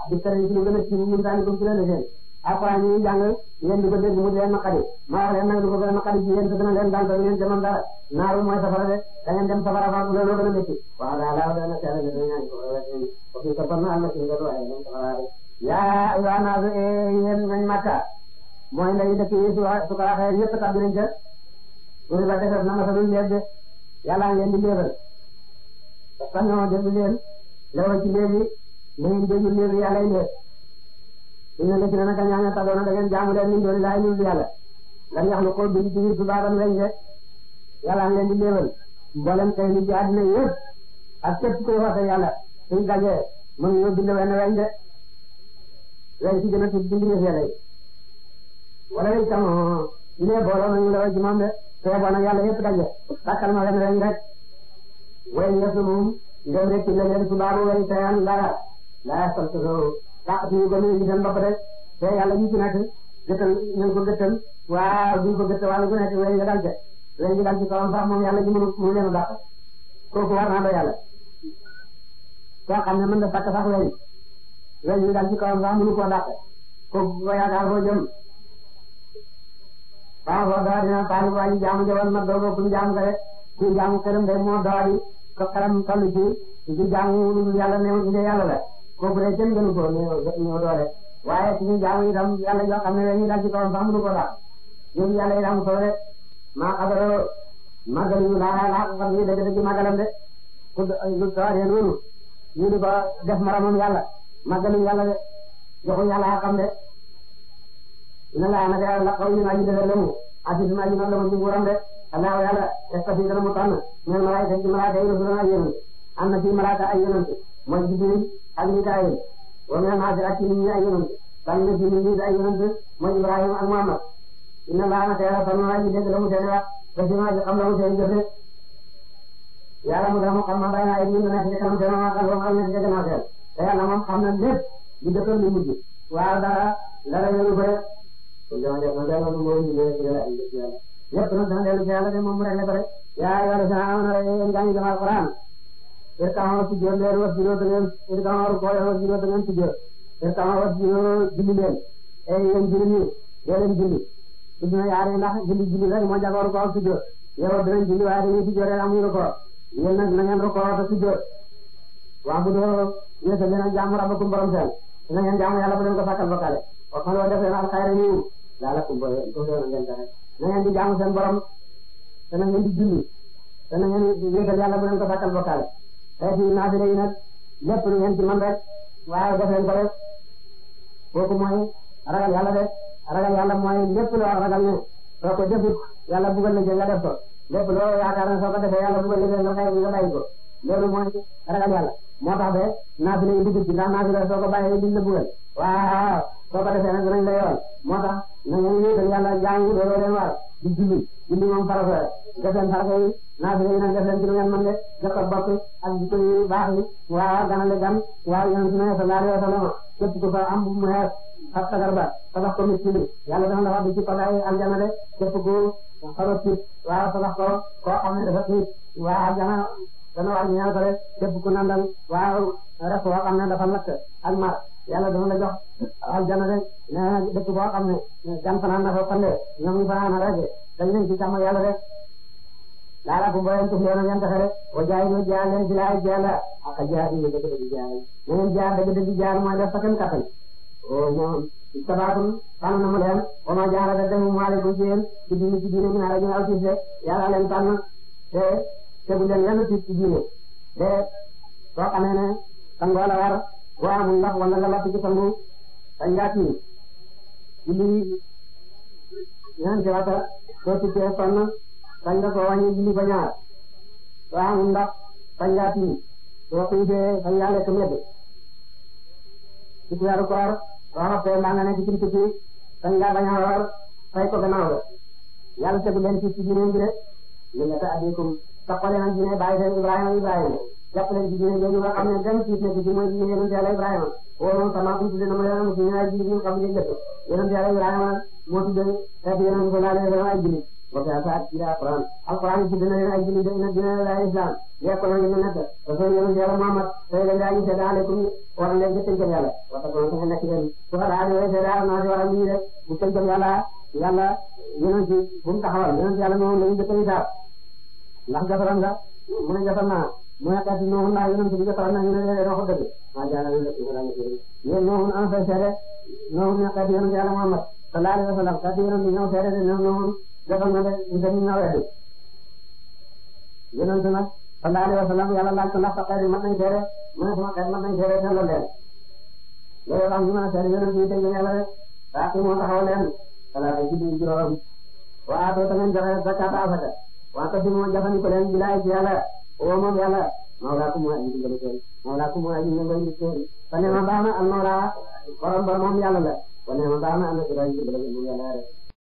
di tere ñu lu gën a ci ñun daal di alxuraan yi ñuy jàng yéen di ko dégg mu di leen naqari ma wax leen nag lu ko gën a naqari ci yéen te dina leen dal te ngeen demoon dara naaru mooy safara de da ngeen dem safara fa loolu gën a métti waaw daa daa daa na seere de ñaan ko wala ci ko fi ko ban na Allah ci ngado ay ngeen safara de ya ayyuha naasu yéen nañ Makka mooy lay dëkk yi su su ko waxee ñëpp tabbi nañ ca wuri ba defar na masalul léeb de yàlla ngeen di léebal sañoo dégg leen lewal ci léegi ngeen dégg léegi yàlla léeb inna lasina naka ñaaña tagoona da ngeen jaamu leen min dooni laay lu yàlla lam yaxluqu biñ digir du baaram lañ de yàlla ngi leen di léebal mboolem tey ni ci àddina yëpp ak képp kuy woote yàlla suñ dajee mënuñoo bind wenn weñ de weñ ci gën a tudd bind yëf yàlla yi wala lañ tam ñu ne booloo nañu la ci moom de feeboon ak yàlla yëpp daje sàkkal ma wenn weñ rek weñ yëpp moom ndem rek ci la leen su baabu weñ laqatuñu ba nuyu seen bopp de te yàlla ñu ci nekk gëttal ñu ko gëttal waaw duñ ko gëttal wàllu ku nekk wéy nga dal ca wéy nga dal ci kawam sax moom yàlla ji mënu mu leen a dàq kooku war naa doy yàlla koo xam ne mën na bàq sax wéy wéy nga dal ci kawam sax mënu koo dàq kooku ko yaakaar foo jëm waaw boo dawa dina paani waa ji jaamu jawan ma doogoo kuñ jaamu ka rek kuñ jaamu këram de moo dawa di ko xaram toll ci ci jaamu yàlla ne yàlla la kooku de kenn gënu ko néew doole waaye suñu jaamu itam yàlla yoo xam ne dañuy dal ci kawam sax mënu ko laal ñun soo de maa xabaroo màggal ñu laa laa ko xam ni dëgg dëgg màggalam de ku lu tawaree loolu ñu di ko def maramam yàlla màggaluñ yàlla de de ina laa naka la xaw ñu naa ñu defar lemu asib naa ñu nag lemu ci de allahu yàlla estati dana mu tànn ñeen malaayka ci yi rasulana yéen am na fii malaayka ay yonent mooy ak ñi taayee wa min an-naasi ak ci nit ñi ay yonent bàyyi na ci nit ñi ay yonent mooy Ibrahima ak Muhammad inna laa na teel a sonn waaye ñu dégg la mu teel a ba ci maa ji xam la mu teel jëfe yàlla mu dama xam ma bàyyi naa ay ñun dana ci dëkk la mu teel maa xam loolu am na ci dëkk naa teel te yàlla moom xam na lépp ñu dëkkal lu mujj waaw dara dara yoonu bëre lépp nag dana dellu ci yàlla de moom mu rek la bëre yaa ayyuhaa llaziina aamanu irkaan war ci jël leer war ci jël dangeen irkaan war boole war ci jël dangeen ci jël irkaan war ci jël julli leen ay yéen julli ñi dee leen julli gis na yaari ndax julli julli rek moo jagoor koor ci jël yow dinañ julli waaye dañuy ci jël rek amuñu rekoor yéen nag na ngeen rekoor te ci jël waa bu doo yéesa leen a jaamu rabbakum borom seen na ngeen jaamu yàlla bu leen ko sàkkal bakale waxan loo def leen alxayra nii laalakum boole ngeen taxe na ngeen di jaamu seen borom te na ngeen di julli te na ngeen yéesal yàlla bu leen ko sàkkal bakale xeeti naafile yi nag lépp lu ngeen ci mën rek waaye def leen ko rek kooku mooy ragal yàlla rek ragal yàlla mooy lépp loo ragal ne soo ko defut yàlla bugal la jël nga def ko lépp loo yaakaar ne soo ko defee yàlla bugal la jël nga bàyyi nga bàyyi ko loolu mooy ragal yàlla moo tax ba naafile yi dugg ci ndax naafile soo ko bàyyee duñ la bugal waaw soo ko defee nag dinañ la yoon moo tax na ngeen wéetal yàlla jaamu looloo leen war di julli julli moom farata def leen farata yi naata yi nag def de jox ko ak jikko baax yi waaw ganale gan waaw yonent ne sallallahu alayhi wa sallam képp ku fa am bu mu xees fas sagar ba tabax ko miskini yàlla dana la wax ci pagaay aljana de képp ku xaro tiit waaw tabax ko koo dafa tiit waaw aljana dana wax ñaan ko de képp ku rek koo dafa lakk ak yàlla dana la jox aljana rek dëkk boo xam ne gan fanaan na fa fande ñoom ñu fanaan rek dañ leen ci jàmm yàlla rek laala bu mboolem tuuf leen ngeen taxe rek wa jaay ñu jaar leen ci laay jaar la ak jaar ñu dëgg dëgg jaar ñu leen jaar dëgg dëgg jaar mooy def sa kenn kattan moom sabaatul tànn na mu leen wa ma jaar da dem mu alaykum ci yéen ci diine ci diine ñaara ñu aw ci de yàlla leen tànn te te bu leen lenn ci ci diine te soo war boo amul ndox wala nga lott ci sañ ngaa ci julli ñaan ci waxta soo sañ nga ko wàññi julli ba sañ ngaa ci soo xiifee sañ ngaa lekk medd ci koor soo xaftee mbaa nga nekk ci sañ ngaa bañ a war fay ko gannaaw la yàlla tegu leen ci ci juróom bi rek li nga ta adikum taqale na jine bàyyi jàppale jigéen ñooñu nga xam ne gan ci nekk ci mooy jigéen yonent Yàlla Ibrahima woo sama ko tudde na ma yàlla musu ñaari jigéen xam ngeen lépp yonent Yàlla Ibrahima moo tudde xeetu yonent ko laale leen ay jullit wa fi asaat ci alquran alquran tudde na leen ay jullit na dina la islam yekko na ngeen nekk parce que yonent Yàlla Muhammad tay la dañu seede aleykum war leen ci tënkal Yàlla wa ta ko nekk leen su fa daal yow seede na ci war ñu rek bu tënkal Yàlla Yàlla yonent bu mu taxawal yonent Yàlla moom la ñu jëkkëri daal ndax gafaram nga mu ne gafar naa mu nekk ci ñoom ndax yéen a ngi tudd jotoon nañu ne yéen a ko dëgg maa jàllale leen si wala mu jëriñ yéen ñoom en fait seede ñoom ñoo xeeti yéen yàlla Muhammad sallallahu alayhi wa sallam xeeti yéen ñoo seede ne ñoom ñoom jotoon na de ñu dem ñoo weddi yéen a ngi tudd nag sallallahu alayhi wa sallam yàlla laaj ko ndax sa xeeti mën nañ seede mu ne sama xeet mën nañ seede te loolu leen loolu wax ñu mën a seede yéen a ngi tudd ñu yàlla rek saa moo taxaw leen salaata julli juróom waaw doo tamit joxe zakat afaka waa ko fi moo jafandiko leen bilaay ci yàlla oo moom yàlla mawlaakum mooy aji dimbali seen mawlaakum mooy aji dimbali seen fa ne ma baax na al mawlaa borom ba moom yàlla la fa ne ma baax na al dimbali seen moom yàlla rek